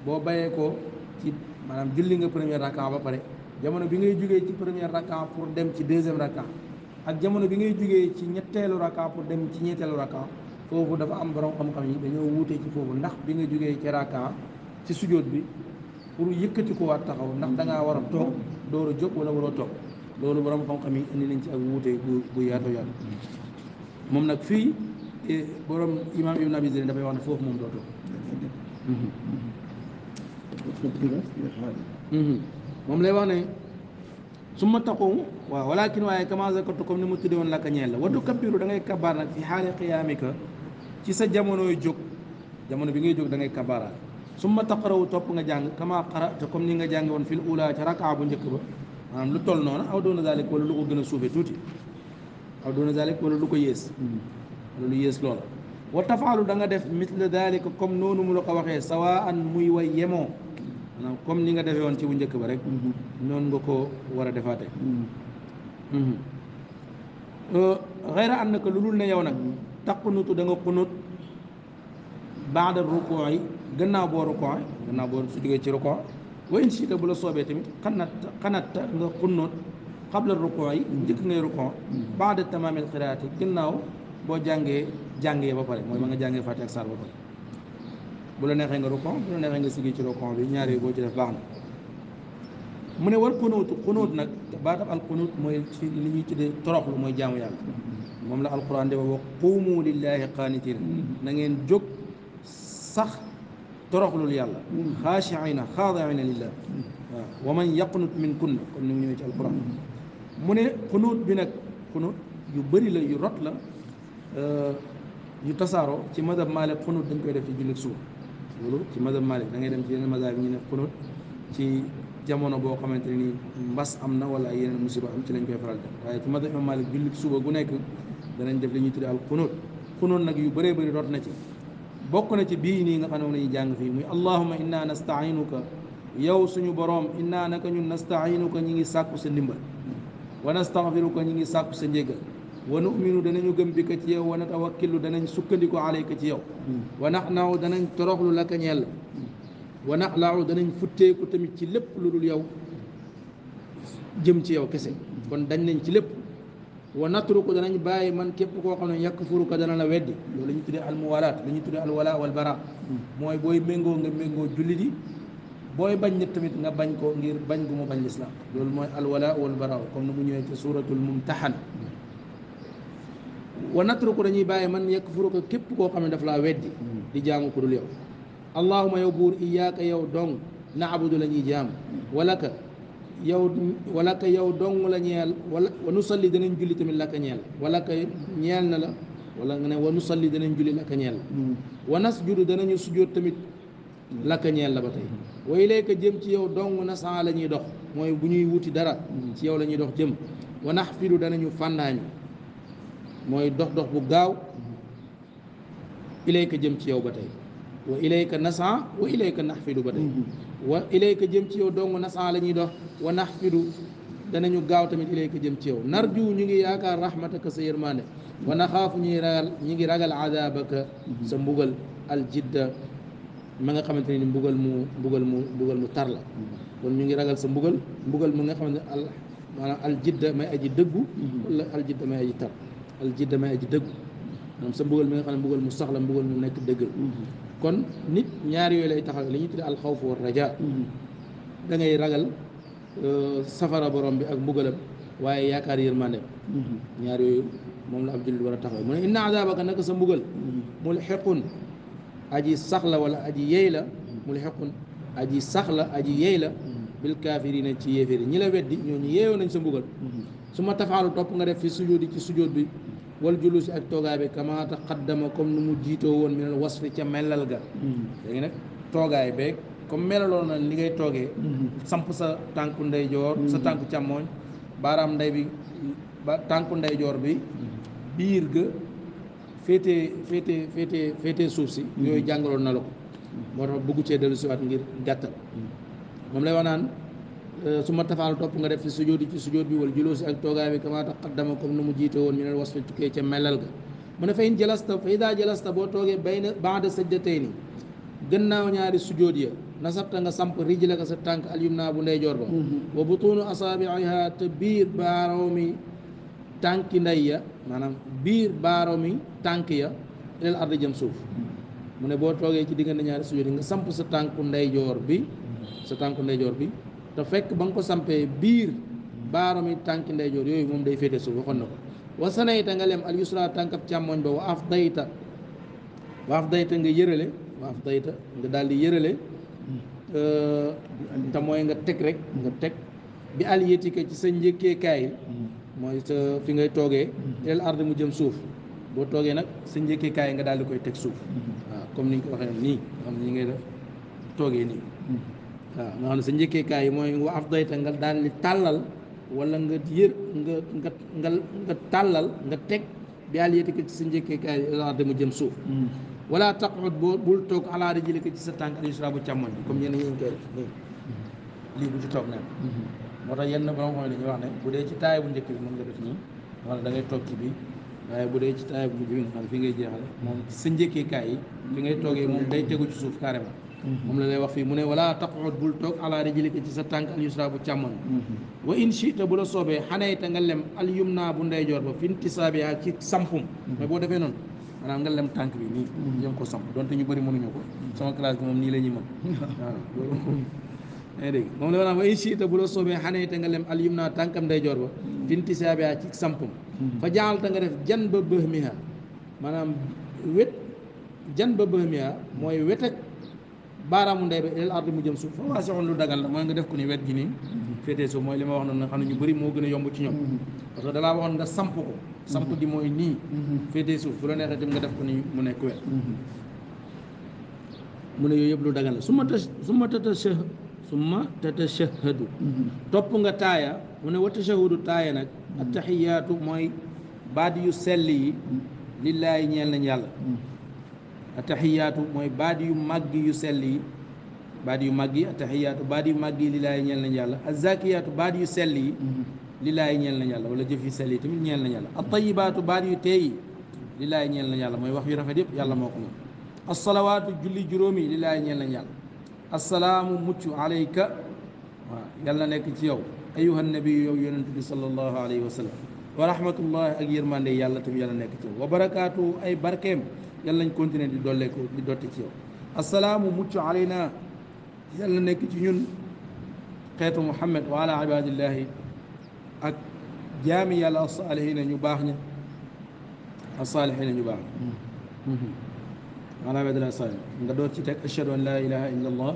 boo bayee ko ci maanaam julli nga première rakka ba pare jamono bi ngay jugee ci première rakka pour dem ci deuxième rakka ak jamono bi ngay jugee ci ñetteelu rakka pour dem ci ñetteelu rakka foofu dafa am borom xam-xam yi dañoo wuute ci foofu ndax bi nga jugee ci rakka ci sujoot bi pour yëkkati ko waat taxaw ndax da ngaa war a toog door a wala waroo toog loolu borom xam-xam yi indi nañ ci ak wuute bu bu yaatu yaatu moom nag fii eh, borom imaam Ibn Abi Zayd dafay wax ne foofu moom doo toog. Mm-hmm. moom lay wax ne su ma taxaw waaw walakin waaye commencé ko comme ni ma tuddee woon laka ñeen la watu kabiru da ngay kabaar nag fi xaali xiyaamika ci sa jamonoy jóg jamono bi ngay jóg da ngay kabaaraat su ma taqarawu topp nga jàng kama xara te comme ni nga jàng woon fil ula ca rakaa bu njëkk ba maanaam lu toll noonu aw doona zalik wala lu ko gën a suufe tuuti aw doona zalik wala lu ko yées mm-hmm. wala yées loola wa tafaalu da nga def misle dalika comme noonu mu la ko waxee sawaan muy way maanaam comme ni nga defee woon ci bu njëkk ba rek mhm. noonu nga ko war a defaate xeyra mhm. mhm. euh, na naka lu dul ne yow nag taqunutu da nga qunut baada rukoo yi gannaaw boo rukoo su jógee ci rukoo wa soobee tamit xanat xanatta nga qunut qabla rukoo yi njëkk ngay rukoo baada tamaamil xiraati gannaaw boo jàngee jàngee ba pare mooy ma nga jàngee fàtte ak saar ba pare bu la nexe nga rokon bu la nexe nga sigi ci rokon bi ñaar yi bo ci def baax na mu ne war wal xunóotu nak ba baatam al qunut moy ci li ñuy torox lu moy jaamu yàlla mom la al qur'an de wax qumu lillahi qanitin na ngeen jóg sax torox lu yàlla khashi'ina khadi'ina lillah wa man yaqnut min kun kon ñu mu ñëwee ci alquran mu ne qunut bi nak qunut yu bari la yu rot la euh yu tasaro ci madhab malik qunut dañ koy def ci jullit suba loolu ci madhab Malik da ngay dem ci yeneen madhab yi ñu ne ci jamono boo xamante ni mbas am na wala ay yeneen musiba am ci lañ koy faral def waaye ci madhab imam Malik jullit suba gu nekk danañ def li ñuy tuddee al xunóot xunóot nag yu bëree bëri rot na ci bokk na ci bii ni nga xam ne moom la ñuy jàng fii muy allahuma inna nastainuka yow suñu boroom inna naka ñun nastainuka ñi ngi sàkku sa ndimbal wa nastaxfiruka ñi ngi sàkku sa njéggal wa nu'minu danañu gëm bi ka ci yow wa natawakkilu danañ sukkandiku alayka ci yow hmm. wa naxnaaw danañ toroxlu la ka ñeel hmm. wa naxlaaw danañ futteeku tamit ci lépp lu dul yow jëm ci yow kese hmm. kon dañ nañ ci lépp wa natruku danañ bàyyi man képp koo xam ne yàkk furuka dana la weddi loolu la ñu tuddee almuwalaat la ñu tuddee alwala wal bara mooy booy méngoo nga méngoo jullit yi booy bañ nit tamit nga bañ ko ngir bañ gu mu bañ lislaam loolu mooy alwala wal bara comme ni mu ñëwee ci suuratul ونترك دا باي من يكفرك كيب كو خامي دا فلا ودي دي جامو كودول يو اللهم يبور اياك يو دون نعبد لا ني جام ولك يو ولك يو دون لا نيال ونصلي دنا نجولي تمن لك نيال ولك نيال نلا ولا نغني ونصلي دنا نجولي لك نيال ونسجد دنا ني سجود تمن لك نيال لا باتاي وإليك جيم تي يو دون نسا لا ني دوخ موي بو ني ووتي دارا تي يو لا ني دوخ جيم ونحفل دنا ني mooy dox dox bu gaaw ilayka jëm ci yow ba tey wa ilayka nasan wa ilayka naxfidu ba tey wa ka jëm ci yow dong nasan la ñuy dox wa naxfidu danañu gaaw tamit ilayka jëm ci yow narju ñu ngi yaakaar rahmataka sa yërmande wa naxaafu ñuy ragal ñu ngi ragal adabaka sa mbugal aljidda ma nga xamante ni mbugal mu mbugal mu mbugal mu tar la kon ñu ngi ragal sa mbugal mbugal mu nga xamante ne al maanaam may aji dëggu wala aljidda may aji tar al ji damay aji dëggu maanaam sa mbugal mi nga xam ne mbugal mu sax la mbugal mu nekk dëggal mm-hmm. kon nit ñaar yooyu lay taxaw li ñuy tuddee al xawf war raja mm-hmm. da ngay ragal euh, safara borom bi ak mbugalam waaye yaakaar yërmande mm-hmm. ñaar yooyu moom la ab jullit war a taxawee mu ne inna azabaka naka sa mbugal mulxiqun aji sax la wala aji yey la mulxiqun aji sax la aji yey la bil kaafirina ci yéeféeri ñi la weddi ñooñu yeewoon nañ sa mbugal su ma tafaalu topp nga def fi sujood bi wal julusi ak toogaay bi kama taqaddama comme nu mu jiitoo woon minal wasfi ca melal ga mm-hmm. léegi nag toogaay beeg comme melaloon na li ngay toogee mm-hmm. samp sa tànku ndeyjoor sa mm-hmm. tànku càmmooñ baaraam ndey bi ba tànku ndeyjoor bi biir ga féete féete féete féete suuf si yooyu jàngaloon na la ko moo tax bëggu cee dellu siwaat ngir gàttal moom lay wax Euh, su ma tafaalu topp nga def fi sujoodi ci sujood bi wala juloo si ak toogaay bi kama taqaddama comme nu mu jiite woon minel wasfi tukkee ca melal ga mu ne fa in jalasta fa ida jalasta boo toogee bayna baada sajdatayni gannaaw ñaari sujood ya nasabta nga samp rijla ka sa tànk alyumna bu ndeyjoor ba mm-hmm. wa butunu asaabiha te biir baaroomi tànki ndey ya maanaam biir baaroomi tànk ya ilal ardi jëm suuf mm-hmm. mu ne boo toogee ci diggante ñaari sujood yi nga samp sa tànku ndeyjoor bi sa tànku ndeyjoor bi te fekk ba nga ko sampee biir baarami tànk ndeyjoor yooyu moom day féete suuf waxoon na ko wa nga lem al yusra tànkab càmmoñ ba wa af dayta wa af nga yërale wa af nga daal di yërale hmm. euh, te mooy nga teg rek nga teg bi aliyetika ci sa njëkkeekaay hmm. mooy sa fi ngay toogee hmm. ilal ard mu jëm suuf boo toogee nag sa njëkkeekaay nga daal di koy teg suuf waaw comme ni ñu ko waxee nii xam ni ngay def toogee nii waaw nga xam ne sa njëkkeekaay yi mooy wa afdayta nga daal di tàllal wala nga yër nga nga nga tàllal nga teg bi àll yéete ko ci sa njëkkeekaay yi jëm suuf tax hmm. taqut boo bul toog alaa rijli ko ci sa tànk al bu càmmoñ bi comme ñenn ñi ñu koy def nii hmm. lii bu ci toog nag hmm. moo tax yenn borom xam dañuy wax ne bu dee ci taay bu njëkk bi moom nga def nii wala da ngay toog ci bi waaye bu dee ci taay bu mujj bi nga xam ne fi ngay jeexale moom sa njëkkeekaay yi fi ngay toogee moom day tegu ci suuf carrément Mm-hmm. moom la lay wax fii mu ne wala taqud bul toog ala rijlika ci sa tànk al yusra bu càmmoñ mm-hmm. wa in chita bu la soobee xaneyta nga lem al yumna mm-hmm. boo defee noonu maanaam nga tànk bi nii jëm ko samp donte ñu bëri mënuñu ko sama classe moom nii la ñuy mën [LAUGHS] waaw la maanaam wa in chita bu la soobee xaneyta nga lem al yumna tànkam ndeyjoor ba fi intisaabiha ci sampum fa jaalta nga def jan ba bëhmiha maanaam wet jan ba bëhmiha mooy wet ak baaraamu ndey ba ilal ardi mu jëm suuf fa lu dagal la mooy nga def ko ni wet gi nii féetee suuf mooy li ma wax noonu nga xam ne ñu bëri moo gën a yomb ci ñoom parce que dalaa waxoon nga samp ko samp gi mooy nii féetee suuf bu la neexee tam nga def ko ni mu nekk wet mu ne yooyu lu dagal la su ma ta tata së su ma tata sëhadu topp nga taaya mu ne wa tashahudu taaya nag attaxiyaatu mooy baat yu sell yi lillaahi nañ yàlla attahiyaatu mooy badi yu màgg yu sell yi baat yu maggi yi attahiyaatu baat yu màgg yi li laay ñeel nañ yàlla azakiyaatu baat yu sell yi li laay ñeel nañ yàlla wala jëf yu sell yi tamit ñeel nañ yàlla attayibaatu baat yu teey li laay ñeel nañ yàlla mooy wax yu rafet yëpp yàlla moo ko moom assalawaatu julli juróom yi li laay ñeel nañ yàlla assalaamu alayka waaw yàlla nekk ci yow ayuha nabiyu yow yonent bi sallallahu alayhi wa sallam wa rahmatullahi ak yërmande yàlla tam yàlla nekk ci wa barakaatu ay barkeem يلا نكونتين دي دوليكو دي دوتي السلام مچ علينا يلا نيك تي محمد وعلى عباد الله اك جامي يلا الصالحين ني باخنا الصالحين ني باخ على عباد الله الصالحين دا دوت اشهد ان لا اله الا الله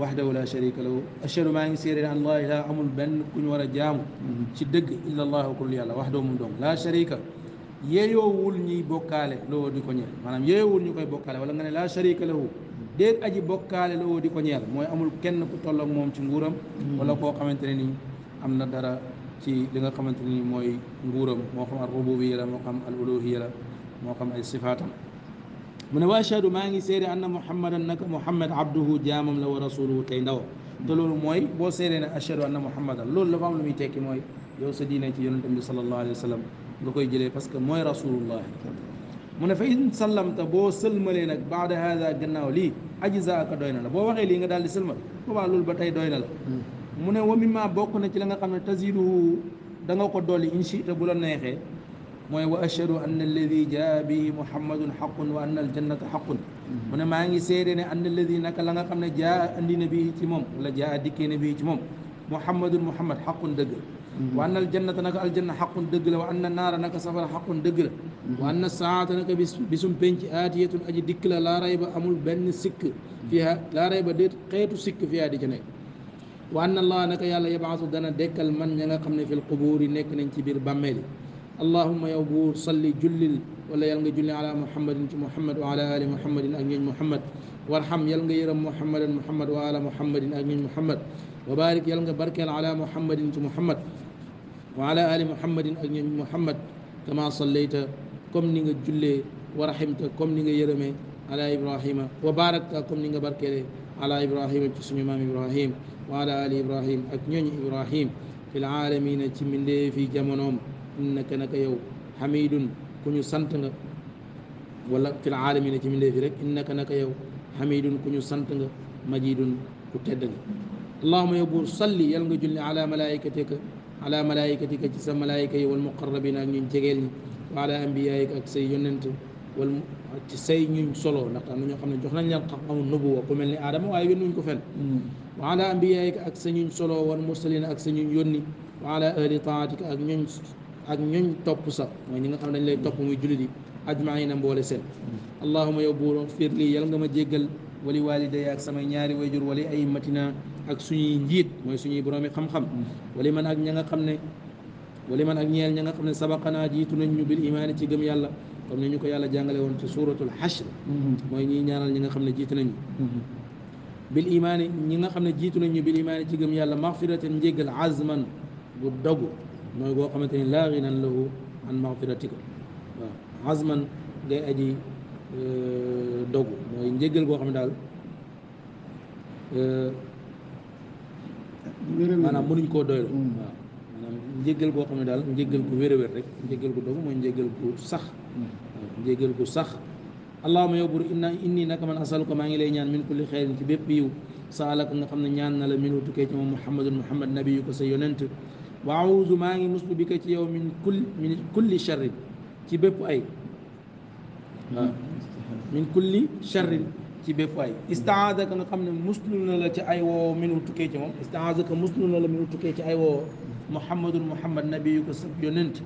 وحده لا شريك له اشهد ما يسير ان الله لا امل بن كن ورا جام تي الا الله كل يلا وحده من دون لا شريك yeeyoowul ñiy bokkaale lowoo di ko ñeel maanaam wul ñu koy bokkaale wala nga ne laa sharika lahu déet aji bokkaale woo di ko ñeel mooy amul kenn ku tollook moom ci nguuram wala koo xamante ne ni am na dara ci li nga xamante ne ni mooy nguuram moo xam al rububiya la moo xam al la moo xam ay sifaatam mu ne waa ashhadu maa ngi seede anna muhammadan naka muhammad abduhu jaamam la wa rasuluhu tey ndaw te loolu mooy boo seedee ne ashhadu anna muhammadan loolu dafa am lu muy tekki mooy yow sa diine ci yonente bi sallallahu alayhi wa sallam nga koy jëlee parce que mooy rasulullah mu ne fa in sallamta boo sëlmalee nag baada hada gannaaw lii ajisa aka doy na la boo waxee lii nga daal di sëlmal boobaa loolu ba tey doy na la mu ne wa mimma bokk na ci la nga xam ne taziduhu da nga ko dolli inchi te bu la neexee mooy wa ashhadu anna alladi jaa bihi muhammadun xaqun wa anna aljannata xaqun mu ne maa ngi seede ne anna alladi naka la nga xam ne jaa andi na bii ci moom wala jaa dikkee na bii ci moom muhammadun muhammad xaqun dëgg wa anna aljannata naka aljanna xaqun dëgg la wa anna naara naka safara xaqun dëgg la wa anna saata naka bisum penc aatiyatun aji dikk la laa rayba amul benn sikk fiha laa rayba déet xeetu sikk fiha di ci nekk wa anna allah naka yàlla yabaasu dana dekkal man ña nga xam ne fil qubuur yi nekk nañ ci biir bàmmeel yi allahumma yow buur salli jullil wala yàlla nga julli ala muhammadin ci muhammad wa ala ali muhammadin ak ñooñ muhammad warham yàlla nga yërëm muhammadan muhammad wa ala muhammadin ak ñooñ muhammad wa barik yàlla nga barkeel ala muhammadin ci muhammad وعلى آل محمد أن محمد كما صليت كم نيغا جولي ورحمت كم نيغا يرمي على إبراهيم وباركت كم نيغا بركي على إبراهيم جسم إمام إبراهيم وعلى آل إبراهيم أكنين إبراهيم في العالمين تمن في جمنهم إنك نك يو حميد كن سنتنغ ولا في العالمين تمن في رك إنك نك يو حميد كن سنتنغ مجيد كتدنغ اللهم يبور صلي يلنغ جل على ملائكتك ala malaikatika ci sa malaayika yi wal muqarrabin ak ñuñ jegeel ñi wa ala ambiyaayika ak say yonent wal ci say ñuñ solo ndax am na ñoo xam ne jox nañ leen xam-xamu nubuwa ku mel ni aadama waaye yónnuñ ko fenn wa ala ambiyaayika ak sa ñuñ solo wal mursalin ak sa ñuñ yónni wa ala ahli taatika ak ñuñ ak ñuñ topp sa mooy ñi nga xam ne dañ lay topp muy jullit yi ajmaina mboole seen allahuma yow buur fir lii yal nga ma jéggal wali walidaya ak samay ñaari wayjur wali ay matina ak suñuy njiit mooy suñuy boroomi xam-xam wali man ak ña nga xam ne wali man ak ñeel ña nga xam ne sabaqanaa jiitu nañ ñu bil imaani ci gëm yàlla comme ni ñu ko yàlla jàngale woon ci suuratul xashr mooy ñiy ñaanal ñi nga xam ne jiitu nañu bil imaani ñi nga xam ne jiitu nañu bil imaani ci gëm yàlla maxfiratan njéggal azman bu dogu mooy boo xamante ni laa ginan lahu an maxfiratika waaw azman ngay aji dogu mooy njéggal boo xam ne daal maanaam mënuñ koo doyloo mm. waaw maanaam njéggal goo xam ne daal njéggal gu wér a wér rek njéggal gu dogu mooy njéggal gu sax mm. njéggal gu sax allahuma yow bur inna inni naka man ko maa ngi lay ñaan min kulli xeyrin ci bépp yiw saalaka nga xam ne ñaan na la min wu tukkee ci moom muhammadun muhammad nabi yu sa yonent wa awuzu maa ngi muslu bi ci yow min kulli min kulli charrin ci bépp ay waaw mm. min kulli charrin ci bépp ay istaazaka nga xam ne muslu na la ci ay woo minu tukkee ci moom istaazaka muslu na la minu tukkee ci ay woo muhammadun muhammad nabiyu ko sab yonent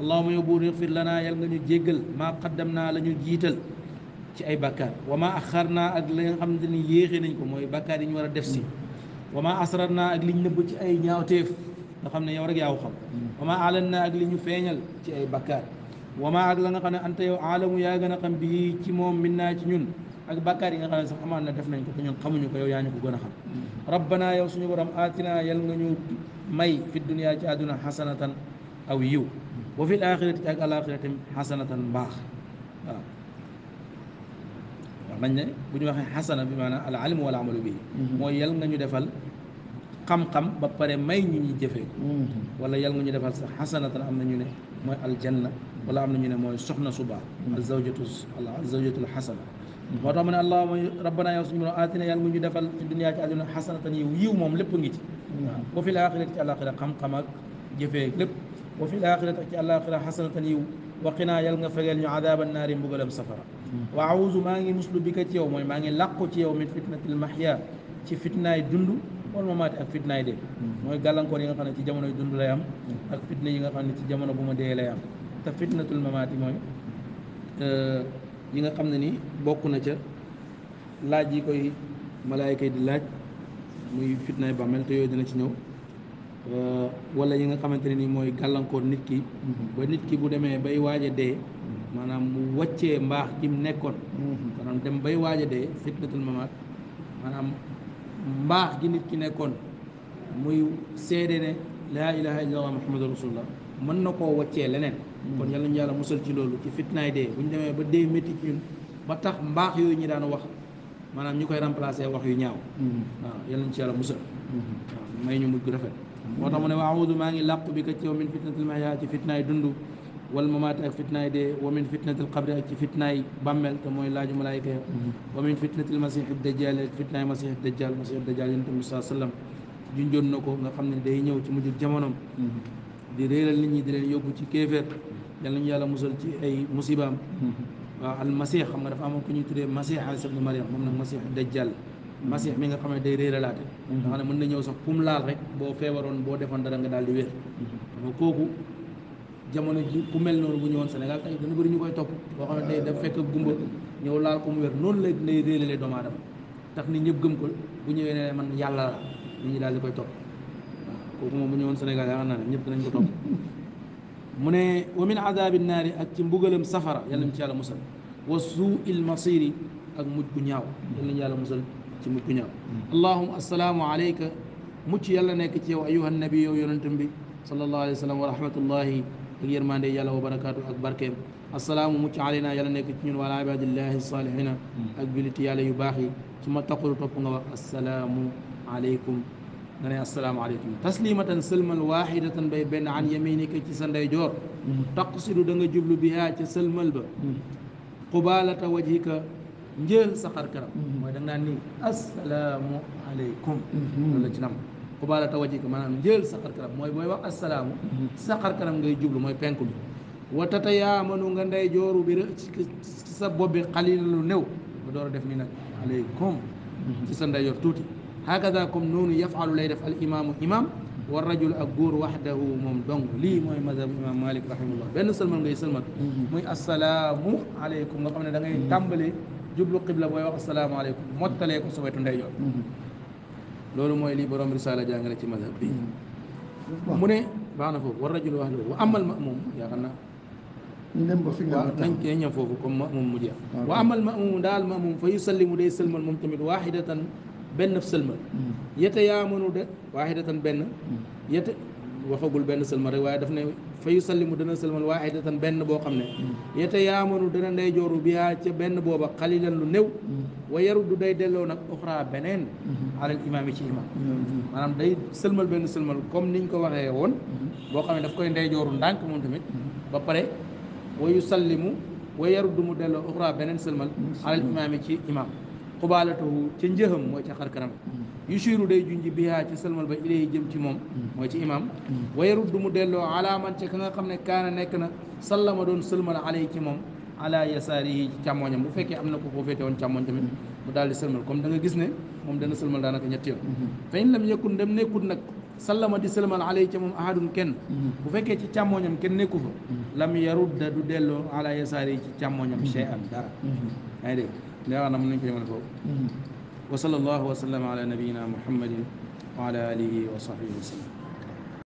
allahuma yow buur ixfir la ñu jiital ci ay xam ne ni ko mooy bakkaar yi ñu war a def si wa maa asrar naa ak liñ nëbb ci ay ñaawteef nga xam ne yow rek yaa ko xam wa maa alan naa ak a xam bii min naa ci ñun ak bàkkaar yi nga xam ne sax amaan na def nañ ko te ñun xamuñu ko yow yaa ñu ko gën a xam rabbana yow suñu borom aatina yal nga ñu may fi dunia ci àdduna xasanatan aw yiw wa fi alaxirati ak alaxirati xasanatan mbaax waaw wax nañ ne bu ñu waxee xasana bi maanaam al alimu wal amalu bi mooy yal nga ñu defal xam-xam ba pare may ñu ñuy jëfee ko wala yal nga ñu defal sax xasanatan am na ñu ne mooy aljanna wala am na ñu ne mooy soxna su baax al zawjatu al zawjatu al xasana moo tax mu ne allahuma rabbana yow suñu borom aatina yàlla mu ñu defal ci dunia ci àdduna xasanatan yiw yiw moom lépp ngi ci waaw wa fi laaxirati ci àllaaxira xam-xam ak jëfee lépp wa fi laaxirati ci àllaaxira xasanatan yiw wa qinaa yàlla nga fegeel ñu adaaba naari mbugalam safara wa awuzu maa ngi muslu bi ka ci yow mooy maa ngi làqu ci yow min fitnatil mahya ci fitnaay dund wal mamaati ak fitnaay dee mooy gàllankoor yi nga xam ne ci jamono yu dund lay am ak fitna yi nga xam ne ci jamono bu ma dee lay am te fitnatul mamaati mooy yi nga xam ne ni bokk na ca laaj yi koy malaayka yi di laaj muy fitnaay bàmmeel te yooyu dina ci ñëw euh, wala yi nga xamante ne ni mooy gàllankoor nit ki mm-hmm. ba nit ki bu demee bay waaj a dee mm-hmm. maanaam mu waccee mbaax gi mu nekkoon mm-hmm. dem bay waaj a dee fitnatul mamaat maanaam mbaax gi nit ki nekkoon muy seede ne laa ilaha illallah muhammadu rasulullah mën na koo waccee leneen hmm. kon yàlla ñu yàlla musal ci loolu ci fitnaay dee bu ñu demee ba dee métti ci ñun ba tax mbaax yooyu ñu daan wax maanaam ñu koy remplacer wax yu ñaaw hmm. waaw yàlla ñu ci yàlla musal hmm. waaw may ñu mujj gu rafet moo tax mu ne wa awudu maa ngi làqu bi kat ci yow min fitnatil mahyaa ci fitnaay dund wal mamaati ak fitnaay dee wa min fitnatil qabri ak ci fitnaay bàmmeel te mooy laaju malaayika ya wa min fitnatil masiixi dajjaal ak fitnaay masiixi dajjaal masiixi dajjaal yonent bi sallallahu alayhi wa sallam junjoon na ko nga xam ne day ñëw ci mujj jamonoom di réeral nit ñu di leen yóbbu ci kéeféer yal nañu yàlla musal ci ay musibaam mm-hmm. waaw al masih xam nga dafa amoon ku ñu tuddee masih Isa ibnu Maryam moom nag masih dajjal masih mi nga xam ne day réeralaate nga mm-hmm. xam ne mën na ñëw sax fu mu laal rek boo feebaroon boo defoon dara nga daal di wér mm-hmm. donc kooku jamono ji ku mel noonu bu ñëwoon senegal tey dana bëri ñu koy topp boo xam ne day fekk gumba ñëw laal ko mu wér noonu lay lay réeralee doomu aadama tax ni gëm ko bu ñëwee ne man yàlla la nit daal di koy topp kooku moom bu ñëwoon Sénégal yaakaar naa ne ñëpp dinañ ko topp mu wa min adabi naari ak ci mbugalam safara yàlla nañ ci yàlla musal wa suuil masiri ak mujj bu ñaaw yàlla nañ yàlla musal ci mujj bu ñaaw allahuma assalaamu alayka mucc yàlla nekk ci yow ayuha nabi yow yonentam bi sallallahu alayhi wa wa rahmatullahi ak yërmande yàlla wa barakaatu ak barkeem assalaamu mucc alayna yàlla nekk ci ñun wala ibadillahi salihina ak juliti yàlla yu baax yi su ma nga ne asalaamaaleykum taslimatan sëlmal waaxidatan bay benn an yaminika ci sa ndeyjoor taqsidu da nga jublu biha ca sëlmal ba mm-hmm. qubaalata wajhika njël sa xar kanam mm-hmm. mooy da nga naan ni asalaamu aleykum mm-hmm. loolu la ci nam njël sa xar mooy mooy wax asalaamu sa xar ngay jublu mooy penku bi wa tatayaamanu nga ndeyjooru bi ci sa bopp bi xaliil lu néew ba door a def ni nag aleykum ci sa ndeyjoor tuuti هكذا كم نون يفعل لا يفعل الإمام إمام والرجل أجور وحده ممدون لي ما مذهب الإمام مالك رحمه الله بين سلم من سلم ما السلام عليكم لقمنا دعى تامبلي جبل قبلة بوي السلام عليكم مطلعك سويت نديو لولو ما يلي برام رسالة جانغ لشي مذهب بي مني بانا فو والرجل وحده وأما المأموم يا خنا نين بفينا نين كم مأموم مديا آه. وأما المأموم دال مأموم فيسلم ودي سلم الممتمد واحدة benn sëlma hmm. yete yaa mënu de waahidatan benn hmm. yete waxagul benn sëlma rek waaye daf ne fa yusallimu dana sëlmal waahidatan benn boo xam ne hmm. yete yaa mënu dana ndeyjooru biyaa ca benn booba xalilan lu néew wa yaruddu day delloo nag uxra beneen alal imaam yi ci imaam maanaam day sëlmal benn sëlmal comme niñ ko waxee woon boo xam ne daf koy ndeyjooru ndànk moom tamit ba pare wa yusallimu wa du mu delloo uxra beneen sëlmal alal imaam yi ci imaam xubaalatuhu ca njëxam mooy ca xar kanam mm. yusiru day junji bihaa ca salmal ba ilay jëm ci moom mm. mooy ci imam mm. wa du mu delloo alaaman ca ka nga xam ne kaana nekk na sallama doon salmal alay ci moom ala yasaarihi ci càmmoñam bu fekkee am na ko koo féete woon càmmoñ tamit mu daal di salmal comme da nga gis ne moom dana salmal daanaka ñetti yoon mm-hmm. fa in lam yakun dem nekkut nag sallama di salmal alay ca moom ahadun kenn mm-hmm. bu fekkee ci càmmoñam kenn nekku fa mm-hmm. lam yarudda du delloo ala yasaarihi ci càmmoñam chey an dara ليعنا من كريم الفوق وصلى الله وسلم على نبينا محمد وعلى اله وصحبه وسلم